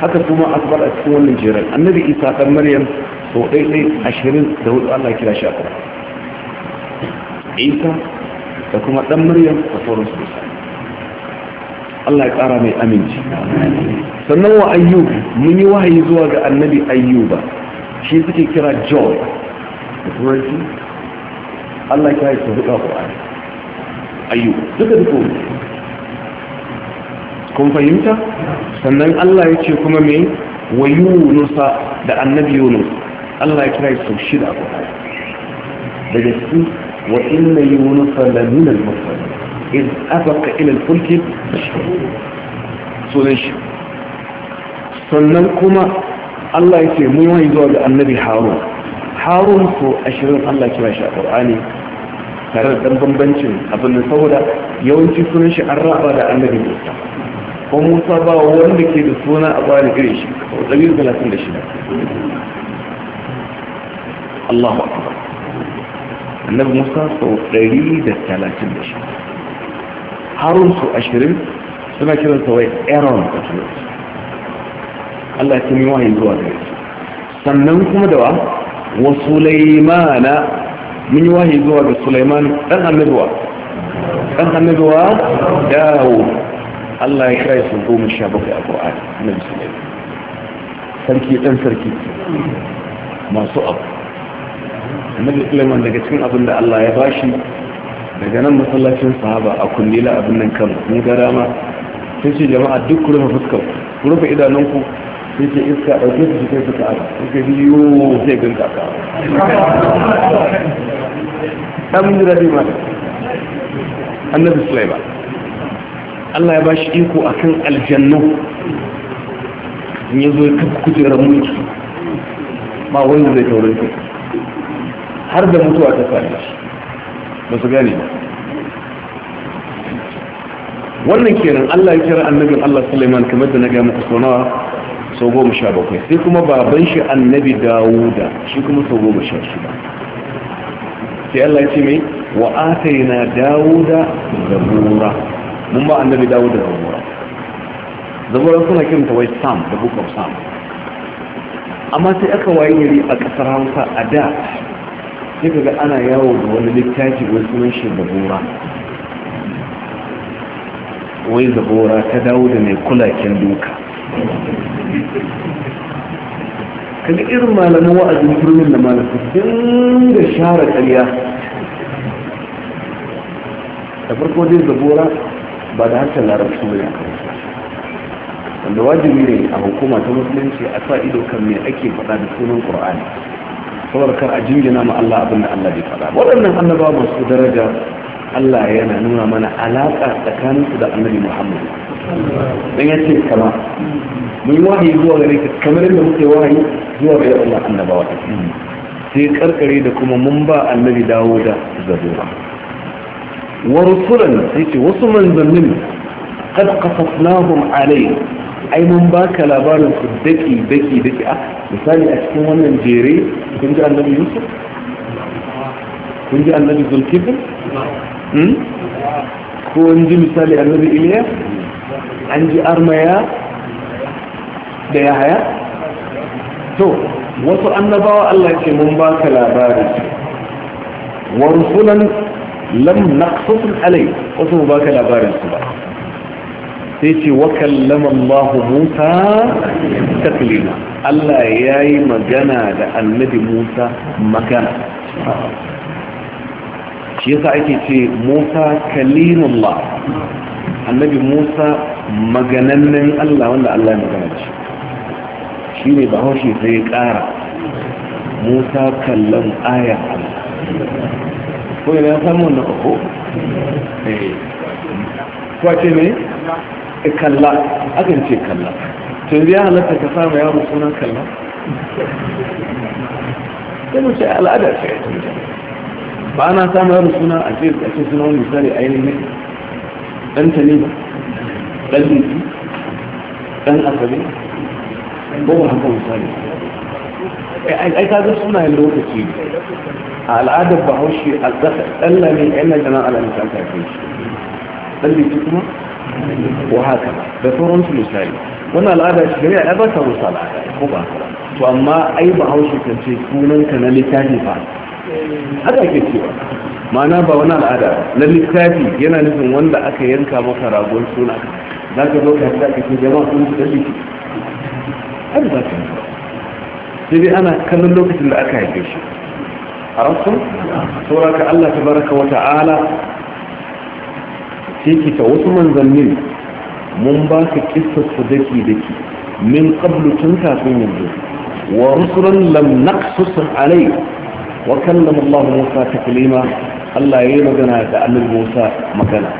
haka kuma akbar a cikin wannan jeran annabi isa dan maryam so ɗai ɗai ashirin da hudu allah kira shi akbar isa da kuma dan maryam da sauran su Allah ya ƙara mai aminci sannan wa ayyub mun yi wahayi zuwa ga annabi ayyuba shi suke kira joy da turanci Allah ya yi sauƙa ƙwa'ani ayyub duka duka kun fahimta sannan Allah ya ce kuma me wa yunusa da annabi yunus Allah ya kira shi sau shida ko daga cikin wa inna yunusa la min al mursalin iz abaqa ila al fulk sunan shi sannan kuma Allah ya ce mun yi zuwa ga annabi harun harun ko ashirin Allah kira shi a qur'ani tare da dan bambancin abin saboda yawanci sunan shi an raba da annabi musa ko musa ba wanda ke da suna a bari irin shi ko ɗari talatin da shida Allahu akbar annabi musa sau ɗari da talatin da shida harun su ashirin suna kiransa wai aaron a turanci Allah ya yi wahayi zuwa gare sannan kuma da wa wa sulaimana mun yi wahayi zuwa ga sulaiman dan annabuwa dan annabuwa dawo Allah ya kira su goma sha bakwai a Qur'ani na bisulai sarki dan sarki masu abu annabi Sulaiman daga cikin abin da Allah ya bashi daga nan masallacin sahaba a kullila abin nan kan mu ga dama sai ce jama'a duk ku rufe fuskar ku rufe ku sai ce iska ɗauke su shi kai su ka'aba suka biyo sai gan kaka ɗan jiraɗi ma annabi Sulaiman Allah ya ba shi iko a kan aljannu in ya zo ya kafa kujerar mulki ba wanda zai taurin kai har da mutuwa ta fara shi ba su gane wannan kenan Allah ya kira annabin Allah Sulaiman kamar da na gaya muku sonawa sau goma sha bakwai sai kuma baban shi annabi Dawuda shi kuma sau goma sha ba. sai Allah ya ce mai wa atayna Dawuda zabura mun ba annabi dawo da zabura zabura suna kiranta wai sam da book of sam amma sai aka waye gari a kasar hausa a da sai kaga ana yawo da wani littafi wai sunan shi zabura wai zabura ta dawo da mai kulaken duka kaga irin malamin wa'azin turmin da malamin sun da share ƙarya da farko dai zabura ba da harshen larabci ne wanda wajibi ne a hukuma ta musulunci a sa ido kan me ake faɗa da sunan qur'ani saboda kar a jingina ma Allah abin da Allah bai faɗa waɗannan annabawa masu daraja Allah yana nuna mana alaƙa tsakaninsu da annabi Muhammad dan yace kama mun wahayi zuwa gare ka kamar yadda muke wahayi zuwa ga Allah annabawa sai karkare da kuma mun ba annabi dawo da zabura wa rusulan sai ce wasu manzannin kad qasasnahum alai ai mun baka labarin su daki daki daki a misali a cikin wannan jere kun ji annabi yusuf kun ji annabi zulkifl ko an ji misali annabi iliya an ji armaya da yahaya to wasu annabawa allah ke mun baka labarin wa rusulan lam naqsus alai wasu ba ka labarin su ba sai ce wa kallama Allah Musa taklima Allah yayi magana da annabi Musa magana shi yasa ake ce Musa kalimullah annabi Musa maganannen Allah wanda Allah ya magana shi shi ne bahaushe sai ya ƙara Musa kallon aya Allah ko yana samun na uku eh. kwace ne eh, kalla akan ce kalla tun ya halatta ka samu yaro sunan kalla sai mu ce al'ada ce ba ana samu yaro suna a ce a ce suna wani misali ainihin dan taliba dan liki dan asali, ko ba haka misali eh, ai ka ga sunayen lokaci a al'adar bahaushe a tsalla ne yan nan da nan ala nisan kafin shi tsalle ki kuma ko haka da sauransu misali wannan al'ada shi gari a ba ta musu al'ada ko ba to amma ai bahaushe kan ce ka na littafi ba haka ke cewa ma'ana ba wani al'ada na littafi yana nufin wanda aka yanka maka ragon suna za ka zo ka sa kake jama'a sun su dabi har za ka sai dai ana kallon lokacin da aka haife shi arabtum sauraka Allah ta wa ta'ala sai ta wasu manzannin mun ba ka kissar su daki daki min qablu tun kafin yanzu wa rusulan lam naqsus alai wa kallama Allah Musa taklima Allah yayi magana da Annabi Musa magana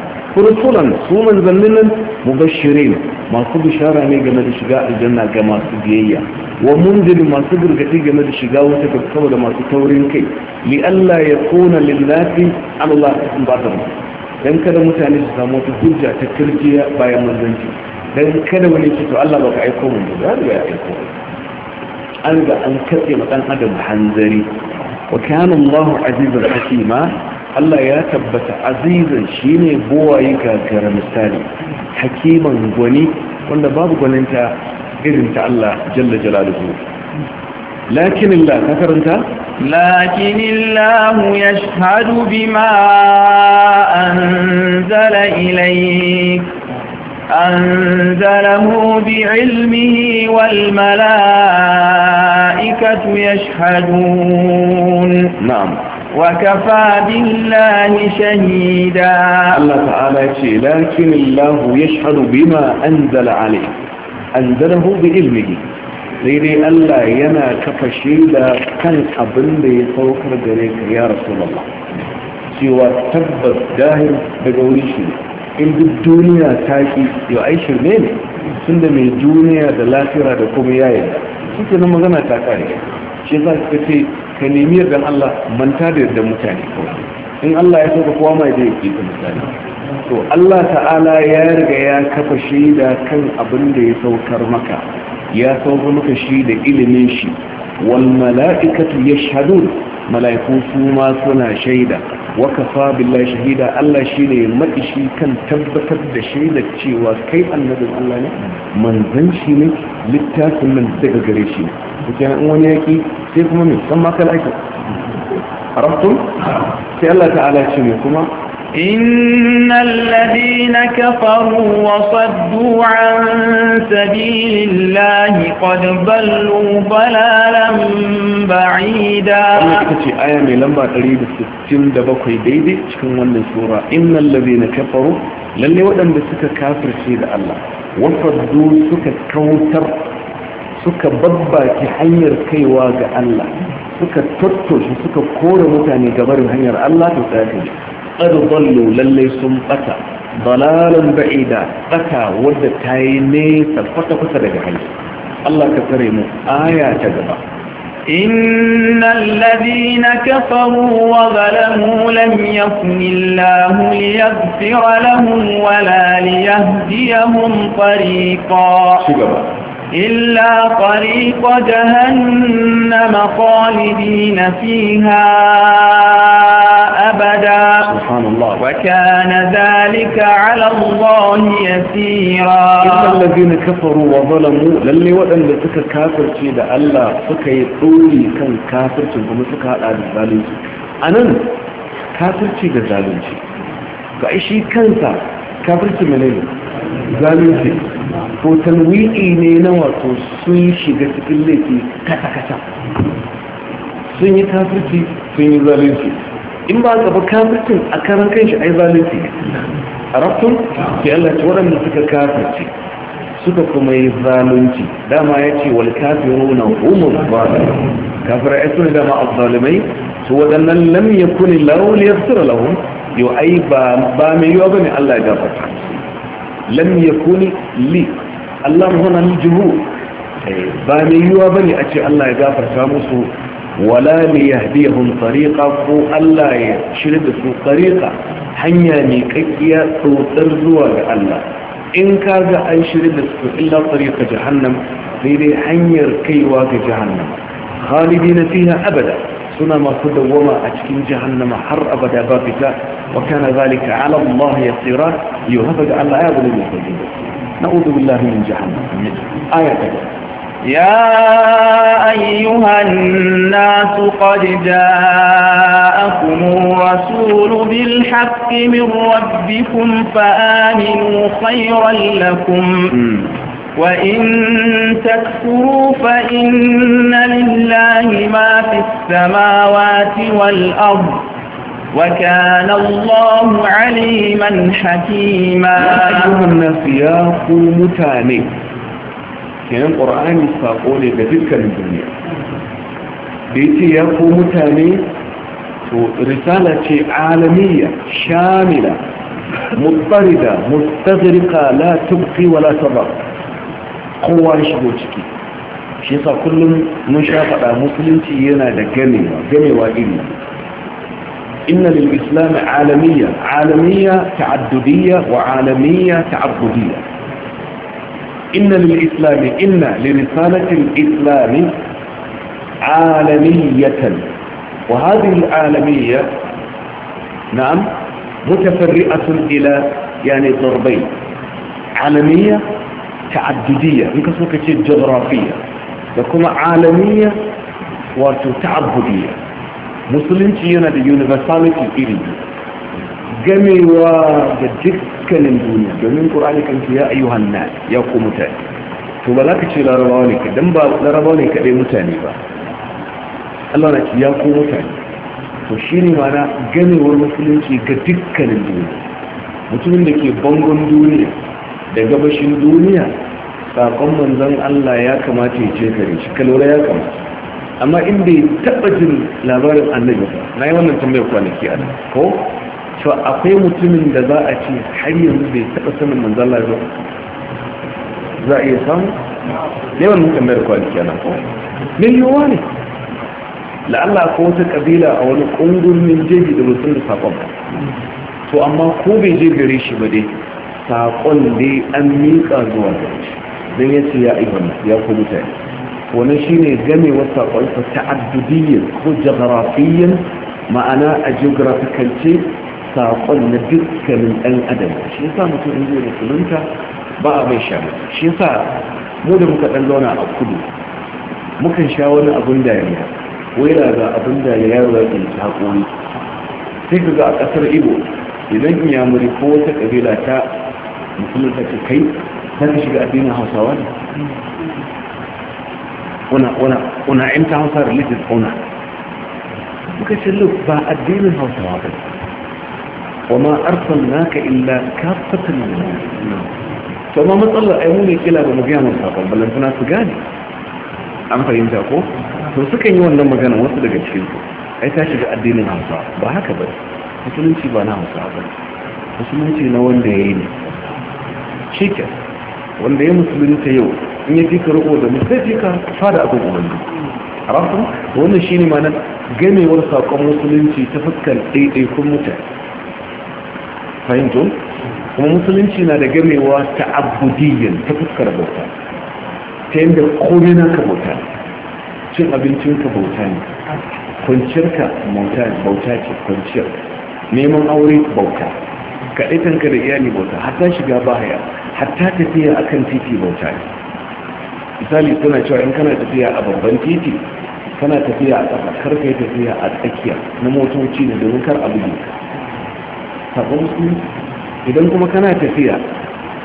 rusulan su manzannin nan mubashirin masu bishara ne game da shiga aljanna ga masu biyayya wa munzir masu gargadi game da shiga wata ga saboda masu taurin kai li Allah ya kuna lillahi Allah sun ba ta dan kada mutane su samu wata hujja ta kirkiya bayan manzanci dan kada wani ce to Allah baka aiko mu ba ya aiko an ga an katse ma dan adam hanzari wa kana Allahu azizul hakima Allah ya tabbata azizan shine buwaye gagara misali hakiman gwani wanda babu gwaninta irin ta Allah jalla jalaluhu lakin Allah ka karanta lakin Allah yashhadu bima anzala ilayk أنزله بعلمه والملائكة يشهدون نعم وكفى بالله شهيدا الله تعالى يقول لكن الله يشهد بما أنزل عليه أنزله بإلمه sai dai Allah yana kafa shaida kan abin da ya saukar gare ka ya Rasulullah cewa tabbas dahir daga wuri shi in duk duniya ta ki yau ai shirme ne tun mai duniya da lafiya da kuma yayin shi ke magana ta kare shi za ka ce ka nemi yardan Allah manta da yardan mutane kawai in Allah ya saka kowa mai zai yake ta mutane to Allah ta'ala ya riga ya kafa shaida kan abin da ya saukar maka ya saukar maka shi da ilimin shi wal mala'ikatu yashhadun mala'iku su ma suna shaida wa kafa billahi shahida Allah shine shi kan tabbatar da shaida cewa kai annabin Allah ne manzon shi ne littafin nan daga gare shi suke in wani yaki sai kuma mai san makar ake arabtun sai Allah ta'ala ce mai kuma إن الذين كفروا وصدوا عن سبيل الله قد ضلوا ضلالا بعيدا آية من لما تريد الستين دبقوا ديدي تكون من سورة إن الذين كفروا للي ودن بسك كافر سيد الله وصدوا سك كوتر suka babbaki hanyar kaiwa ga Allah suka tattoshe suka kore mutane gabarin hanyar Allah to tafi ardallu lalle sun bata dalalan ba'ida bata wadda ta yi nesa kwata-kwata daga hanyar Allah ka tare mu aya ta gaba إن الذين كفروا وظلموا لم يكن الله ليغفر لهم ولا ليهديهم طريقا إلا طريق جهنم خالدين فيها أبدا سبحان الله وكان ذلك على الله يسيرا إلا الذين كفروا وظلموا للي وأن لتك كافر شيد ألا فكي طولي كان كافر شيد ومسك هذا الظالم أنا كافر شيد الظالم شيد فأي شيء كانت كافر شيد منين ظالم شيد to tanwi'i ne na wato sun shiga cikin laifi kasa-kasa sun yi kafirci sun yi zalunci in ba ka ba kafircin a karan kan shi ai zalunci a rafin ke Allah ce waɗanda suka kafirci suka kuma yi zalunci dama ya ce wal kafiru na umar bada kafirai ai suna dama a azzalimai su waɗannan lam yakuni lahu liyasira lahum yau ai ba mai yiwa ne, Allah ya gafarta lam yakuni li Allah hana ni juhu eh, ba mai yiwa bane a ce Allah ya gafarta musu wala mai yahdihum tariqa ko Allah ya shirya da su tariqa hanya mai kakkiya tsotsar zuwa ga Allah in ka ga an shirya da su illa tariqa jahannam sai dai hanyar kaiwa ga jahannam khalidina fiha abada suna masu dawwama a cikin jahannama har abada ba fita wa kana zalika ala Allah yasira yau haka ga Allah ya gudu mai sauki na'udhu billahi min jahannam aya ta يا أيها الناس قد جاءكم الرسول بالحق من ربكم فآمنوا خيرا لكم وإن تكفروا فإن لله ما في السماوات والأرض وكان الله عليما حكيما أيها الناس يا قل متاني كان القرآن يستقول بذلك الدنيا بيتي يا قل متاني رسالة عالمية شاملة مضطردة مستغرقة لا تبقي ولا تضغط kowa ya shigo ciki shi yasa kullum mun sha faɗa musulunci yana da gamewa gamewa iri إن للإسلام عالمية عالمية تعددية وعالمية تعبدية إن للإسلام إن لرسالة الإسلام عالمية وهذه العالمية نعم متفرئة إلى يعني ضربين عالمية تعددية ينكسر كتير جغرافية لكما عالمية واتو تعبدية مسلم تيونا دي يونيفرساليتي إيري جميع وا جدك كان الدنيا جمي القرآن يا أيها الناس يا قومتان ثم لا كتير لربانك دنبا لربانك أبي متانبا الله نك يا قومتان وشيني وانا جمي والمسلم تي جدك كان الدنيا مسلم لكي بانغون دنيا da gabashin duniya sakon manzan Allah ya kamata ya ce kare shi kalora ya kamata amma in bai taɓa jin labarin annabi ba na yi wannan tambayar kwanaki a nan. ko to akwai mutumin da za a ce har yanzu bai taɓa sanin manzan Allah ba za a iya samu ne wannan tambayar kwanaki a nan ko miliyowa ne la'alla ko wata kabila a wani ƙungun jeji da mutum da sakon ba to amma ko bai je gare shi ba dai saƙon ne an miƙa zuwa don ya ce ya ayyana ya ku mutane wani shi ne game wata ta ta'addudiyyar ko jagarafiyyar ma'ana a geografikance saƙon na dukkanin ɗan adam shi yasa mutum in zai musulunta ba a mai sha shi yasa mu da muka ɗan zauna a kudu mukan sha wani abun dariya wai ga abun dariya yaro ya ƙirƙi haƙori sai ka ga a ƙasar ibo idan in ko wata ƙabila ta musulun ta ce kai za ka shiga addinin hausawa ne una una ta hausa religion una muka ce look ba addinin hausawa ba wa ma naka illa kafatan to ma matsalar ai mu ne kila ba mu ga mun sakon ballan tana su gane an fahimta ko to sukan yi wannan magana wasu daga cikin su ai ta shiga addinin hausa ba haka ba musulunci ba na hausa ba musulunci na wanda ya yi ne shike wanda ya musulunta yau in ya fi karo da musulunci ka fada abin umarni a rasu wannan shi ne manan ganewar saƙon musulunci ta fuskar ɗaiɗaikun mutane fahimto kuma musulunci na da gamewa ta abudiyyan ta fuskar bauta ta yadda komai na ka bauta cin abincin ka bauta ne kwanciyarka bauta ce kwanciyar neman aure bauta kaɗaitanka da iyali bauta hatta shiga baya hatta tafiya akan titi bauta ne misali suna cewa in kana tafiya a babban titi kana tafiya a ƙasa kar tafiya a tsakiya na motoci ne domin kar abu ne sabon su idan kuma kana tafiya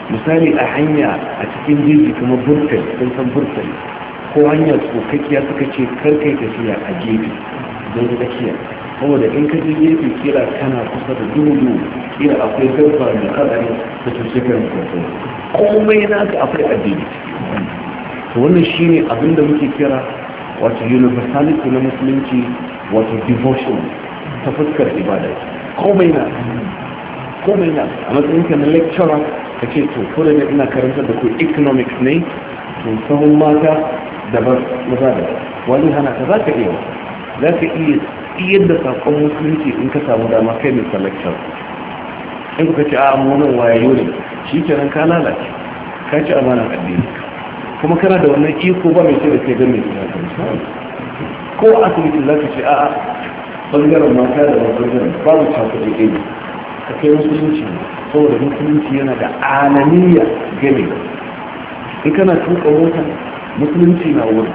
misali a hanya a cikin jeji kuma burtali sun san burtali ko hanyar tsokakkiya suka ce kar tafiya a gefe don tsakiya saboda in ka ji gefe kira kana kusa da duhu kira akwai gaba da kadari da su shekaru komai na ka akwai addini to wannan shine abin da muke kira wato universality na musulunci wato devotion ta fuskar ibada komai na komai na a matsayin ka na lecturer ka ce to ko da ina karanta da ku economics ne to sahun mata daban maza da wani hana ka za ka iya za ka iya yadda sakon musulunci in ka samu dama kai mai selection in ka ce a amonin wayo ne shi nan ka lalace ka ci amanar addini kuma kana da wannan iko ba mai ce da ke gami ko asibitin za ka ce a bangaren mata da bangaren babu da ɗaya ka kai musulunci ne saboda musulunci yana da ananiya game in kana tuka mota musulunci na wurin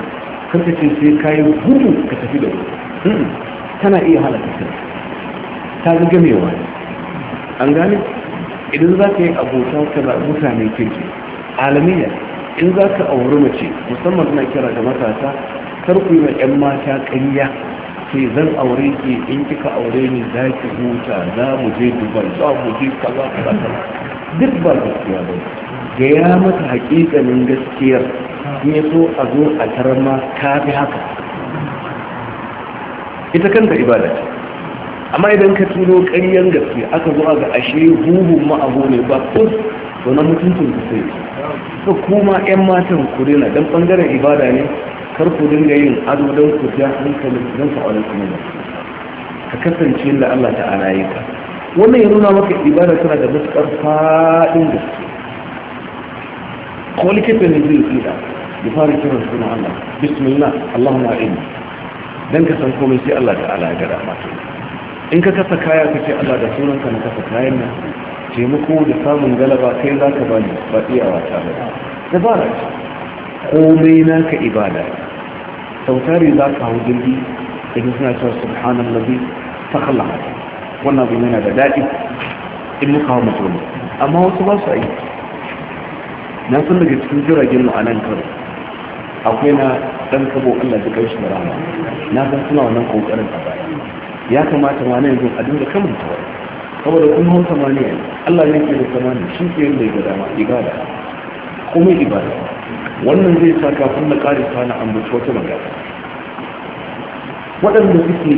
kasance ce sai kayan gudu ka tafi da wurin hmm. tana iya halatta ta ta gamewa an gane idan za ka yi abota ka ba mutane kirki alamiya in za ka auri mace musamman suna kira ga matasa kar ku yi wa 'yan mata ƙarya sai zan aure ki in kika aure ni za ki huta za mu je dubai za mu je kaza kaza duk ba gaskiya ba ga ya mata hakikanin gaskiyar in ya so a zo a tarama ta fi haka ita kanta ibada ce amma idan ka tuno ƙaryan gaske aka zuwa ga ashe huhun ma'abu ne ba kus wani mutuntun ku sai kuma yan matan ku dena dan bangaren ibada ne kar ku dinga yin ado don ku ja hankali don ku aure kuma ba ka kasance da Allah ta'ala ya ka wannan ya nuna maka ibada tana da matuƙar faɗin gaske ko likita ne zai tsira ya fara kiran suna Allah bismillah Allahumma don ka san komai sai Allah da Allah ya gada masu in ka kasa kaya ka ce Allah da sunanka na kasa kayan nan taimako da samun galaba kai za ka bani ba iyawa ta ba dabara ce komai na ka ibada sautari za ka hau jirgi idan suna cewa subhanan labi ta kallon wannan abin yana da daɗi in muka hau musulmi amma wasu ba su aiki na sun daga cikin jiragen mu a nan karo akwai na dan kabo Allah ya kai shi da rama na san suna wannan kokarin a baya ya kamata ma na yanzu a dinga kan wani saboda kun hon samaniya Allah ne ke da samani shi ke yin da ya dama ibada kuma ibada wannan zai sa kafin na ƙari sana ambaci wata magana waɗanda suke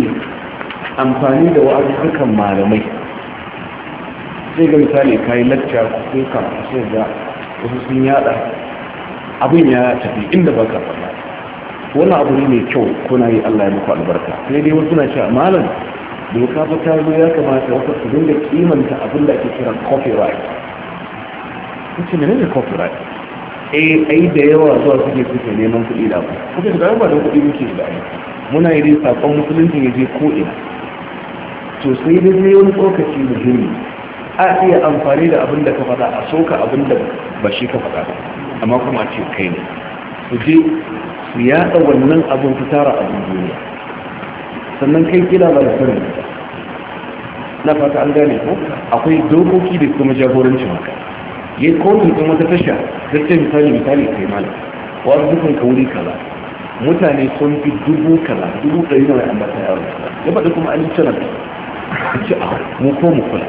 amfani da wa'azukan malamai sai ga misali kayi lacca ko ka sai ga wasu sun yada abin ya tafi inda baka faɗa wani abu ne mai kyau ko na yi Allah ya muku albarka sai dai wasu na cewa malam doka fa ta zo ya kamata wasu su dinga kimanta abin da ake kira copyright ce menene copyright eh ai da yawa zuwa suke suke neman kuɗi da ku kuma da ba da kuɗi muke da ai muna yi dai sakon musulunci ya je ko ina to sai dai ne wani tsokaci muhimmi a iya amfani da abin da ka faɗa a soka abin da ba shi ka faɗa ba amma kuma a ce kai ne ku je Ya yaɗa wannan abin su tara abin duniya sannan kai kila ba da sanin na fata an gane ko akwai dokoki da kuma jagorancin maka. yi kotun kuma wata tasha da ce misali misali kai malam wasu dukkan ka wuri kaza mutane sun fi dubu kaza dubu ɗari na mai ambata yaro ya faɗi kuma an yi cana da a ce a ah, mu ko mu kula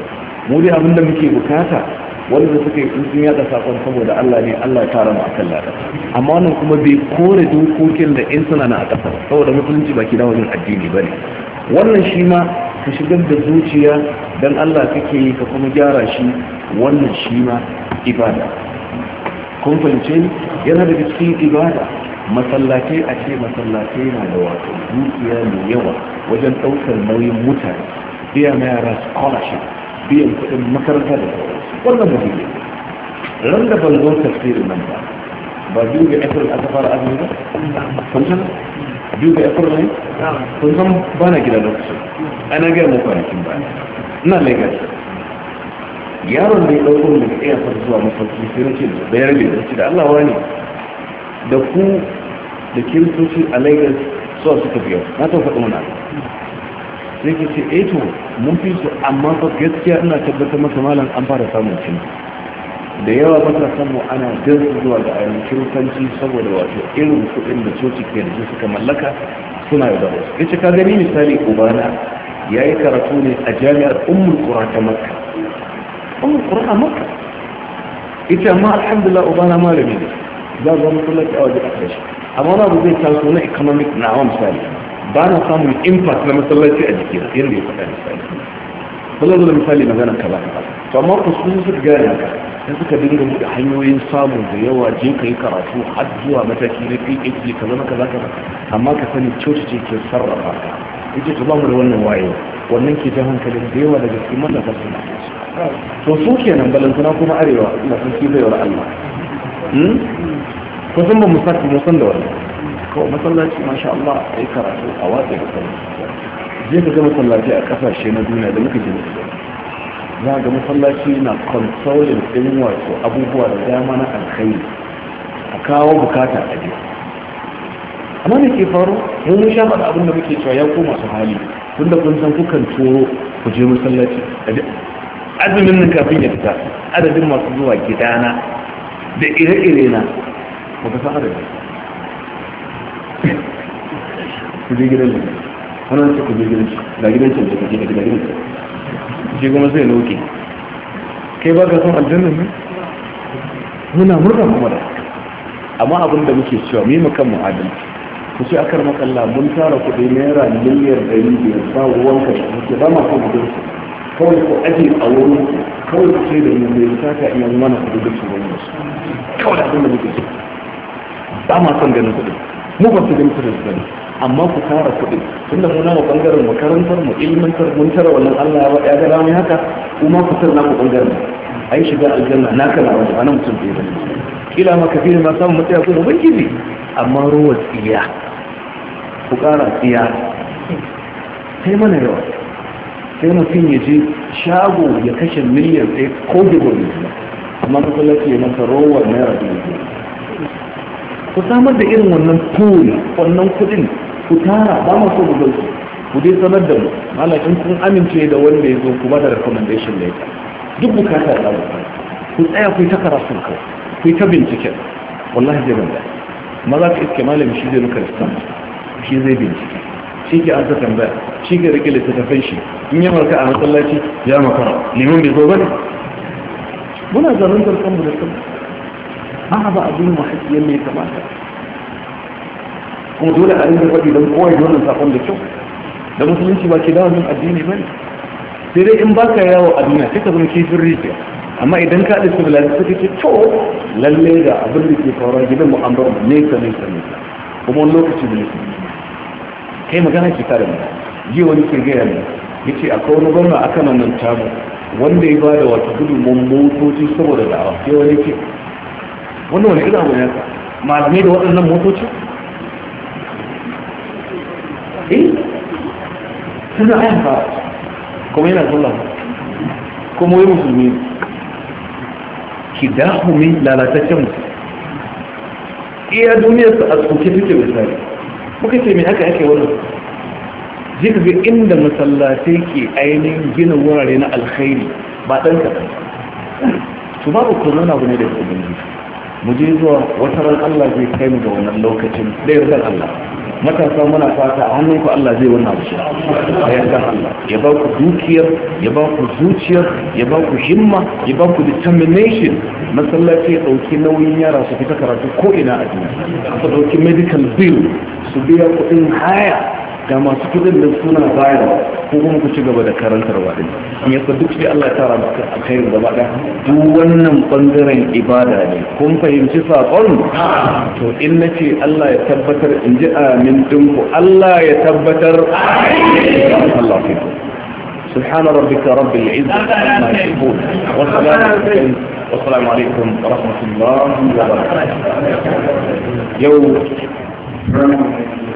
mu dai abin da muke bukata wanda suka yi sun yada sakon saboda Allah ne Allah ya tara mu akan lada amma wannan kuma bai kore dokokin da in suna na a ƙasa saboda musulunci baki da wajen addini ne wannan shi ma ka shigar da zuciya dan Allah kake yi ka kuma gyara shi wannan shi ma ibada kun fahimce ni yana daga cikin ibada masallatai a ce masallatai na da wato zuciya mai yawa wajen ɗaukar nauyin mutane biya na yara scholarship biyan kuɗin makaranta da wannan muhimmi ran da ban zo tafsirin nan ba ba biyu ga april aka fara azumi ba kun san biyu ga april ne kun san ba na gida lokacin ana gaya mu kwanakin ba ina lagos yaron da ya ɗauko daga airport zuwa mafarki sai na ce da ya da da da allah wani da ku da kiristoci a lagos suwa suka biya na ta faɗi mana sai ka ce eto eh mun fi su amma fa gaskiya ina tabbatar masa malam an fara samun cin da yawa ta samu ana dinsu zuwa ga ayyukan kanci saboda wato irin kuɗin da coci ke da suka mallaka suna da wasu yace ka gani misali ubana yi karatu ne a jami'ar ummul kura ta makka ummul kura ta makka ita amma alhamdulillah ubana malami ne za ga mutum a waje a amma ba zai taso na economic na misali ba na samun impact na masallaci a jiki yadda ya faɗa misali ba zai misali magana ka ba to amma ku sun suka gane ka, sai suka dinga da hanyoyin samu da yawa je ka yi karatu har zuwa mataki na phd ka zama ka zaka amma ka sani coci ce ke sarrafa ka ita ta ba mu da wannan wayewa wannan ke ta hankalin da yawa daga cikin mallakar suna to su nan balantana kuma arewa ina sun kifayewar allah hmm? kusan ba mu sa mu san da wannan kawai masallaci masha Allah a yi karatu a watsa da kawai je ka ga masallaci a kasashe na duniya da muka ji za ga masallaci na controlling ɗin wato abubuwa da dama na alkhairi a kawo bukata a biyu amma da ke faru mun mun sha faɗa abin da muke cewa ya koma su hali tun da kun san kukan toro ku je masallaci azumin nan kafin ya fita adadin masu zuwa gidana da ire-ire na ba ka san adadin ku je gidan nan wani ce ku je gidan shi da gidan can da kake da gidan can shi kuma zai loke kai ba ka son aljannan ne muna murna kuma da amma abin da muke cewa mu yi mu kanmu adalci ku ce akar makalla mun tara kuɗi naira miliyar ɗari biyar ba ruwan ka ce ba ma kan gudun kawai ku aje a wurin kawai ku ce da mu bai taka iya mana kuɗi da su wani wasu kawai da abin da muke so ba ma son ganin kuɗi mu ba su gamsu da su amma ku kara kuɗi tunda mu na ɓangaren makarantar, mu ilmantar mun tara wannan Allah ya ya ga mu haka kuma ku tara na ku bangaren ai shiga aljanna na kana wani ana mutum bai bane kila ma kafirin ma samu mutsaya ko ubangiji amma ruwa tsiya ku ƙara tsiya sai mana yawa sai mutum ya je shago ya kashe miliyan ɗaya ko dubu amma masallaci ya masa rowar naira dubu ku samar da irin wannan pool wannan kudin ku tara ba mu so mu su ku dai sanar da mu malakin kun amince da wanda ya zo ku ba da recommendation da duk bukata da ku ku tsaya ku ta karatu ku ku ta binciken wallahi zai banda maza ka iske malami shi zai maka lissan shi zai bincike shi ke an ta tambaya shi ke rike littattafai shi in ya marka a masallaci ya makara liman bai zo bane muna zarantar kanmu da kanmu a ba abin mu haƙi ta mata kuma dole a rinka faɗi don kowa da wannan sakon da kyau da musulunci ba ke dawamin addini ba ne sai dai in baka yawo a duniya sai ka zama kifin rijiya amma idan ka ɗin sabila da suka ce to lalle da abin da ke faruwa gidan mu'amalar mu ta nesa nesa kuma wani lokaci da nesa kai magana ke tare da yi wani kirgaya ne ya ce akwai wani gwamna a kan nan tamu wanda ya ba da wata gudunmuwan motoci saboda da'awa sai wani ce wanda wani ila abu ne ka malamai da waɗannan motoci eh suna ayan fara kuma yana zula kuma yi musulmi ki dahu min lalataccen iya duniyar su a tsoke suke misali muka ce mai haka yake wannan je ka ga inda masallatai ke ainihin gina wurare na alkhairi ba ɗan kaɗan su babu nuna wani da su ubangiji mu je zuwa wata ran Allah zai kai mu ga wannan lokacin da yardan Allah matasa muna fata a hannunku Allah zai wannan abu a yardan Allah ya ba ku dukiyar ya ba ku zuciyar ya ba ku himma ya ba ku determination masallaci ya dauki nauyin yara su fita karatu ko ina a duniya su dauki medical bill su biya kuɗin haya da masu kudin da suna bayar ko kuma ku ci gaba da karantarwa din in yasa duk sai Allah ya tara maka alkhairin gaba da duk wannan bangaren ibada ne kun fahimci sakon to in nace Allah ya tabbatar in ji amin din ku Allah ya tabbatar Allah ku سبحان ربك رب العزة ما يشركون والسلام عليكم ورحمة الله وبركاته يوم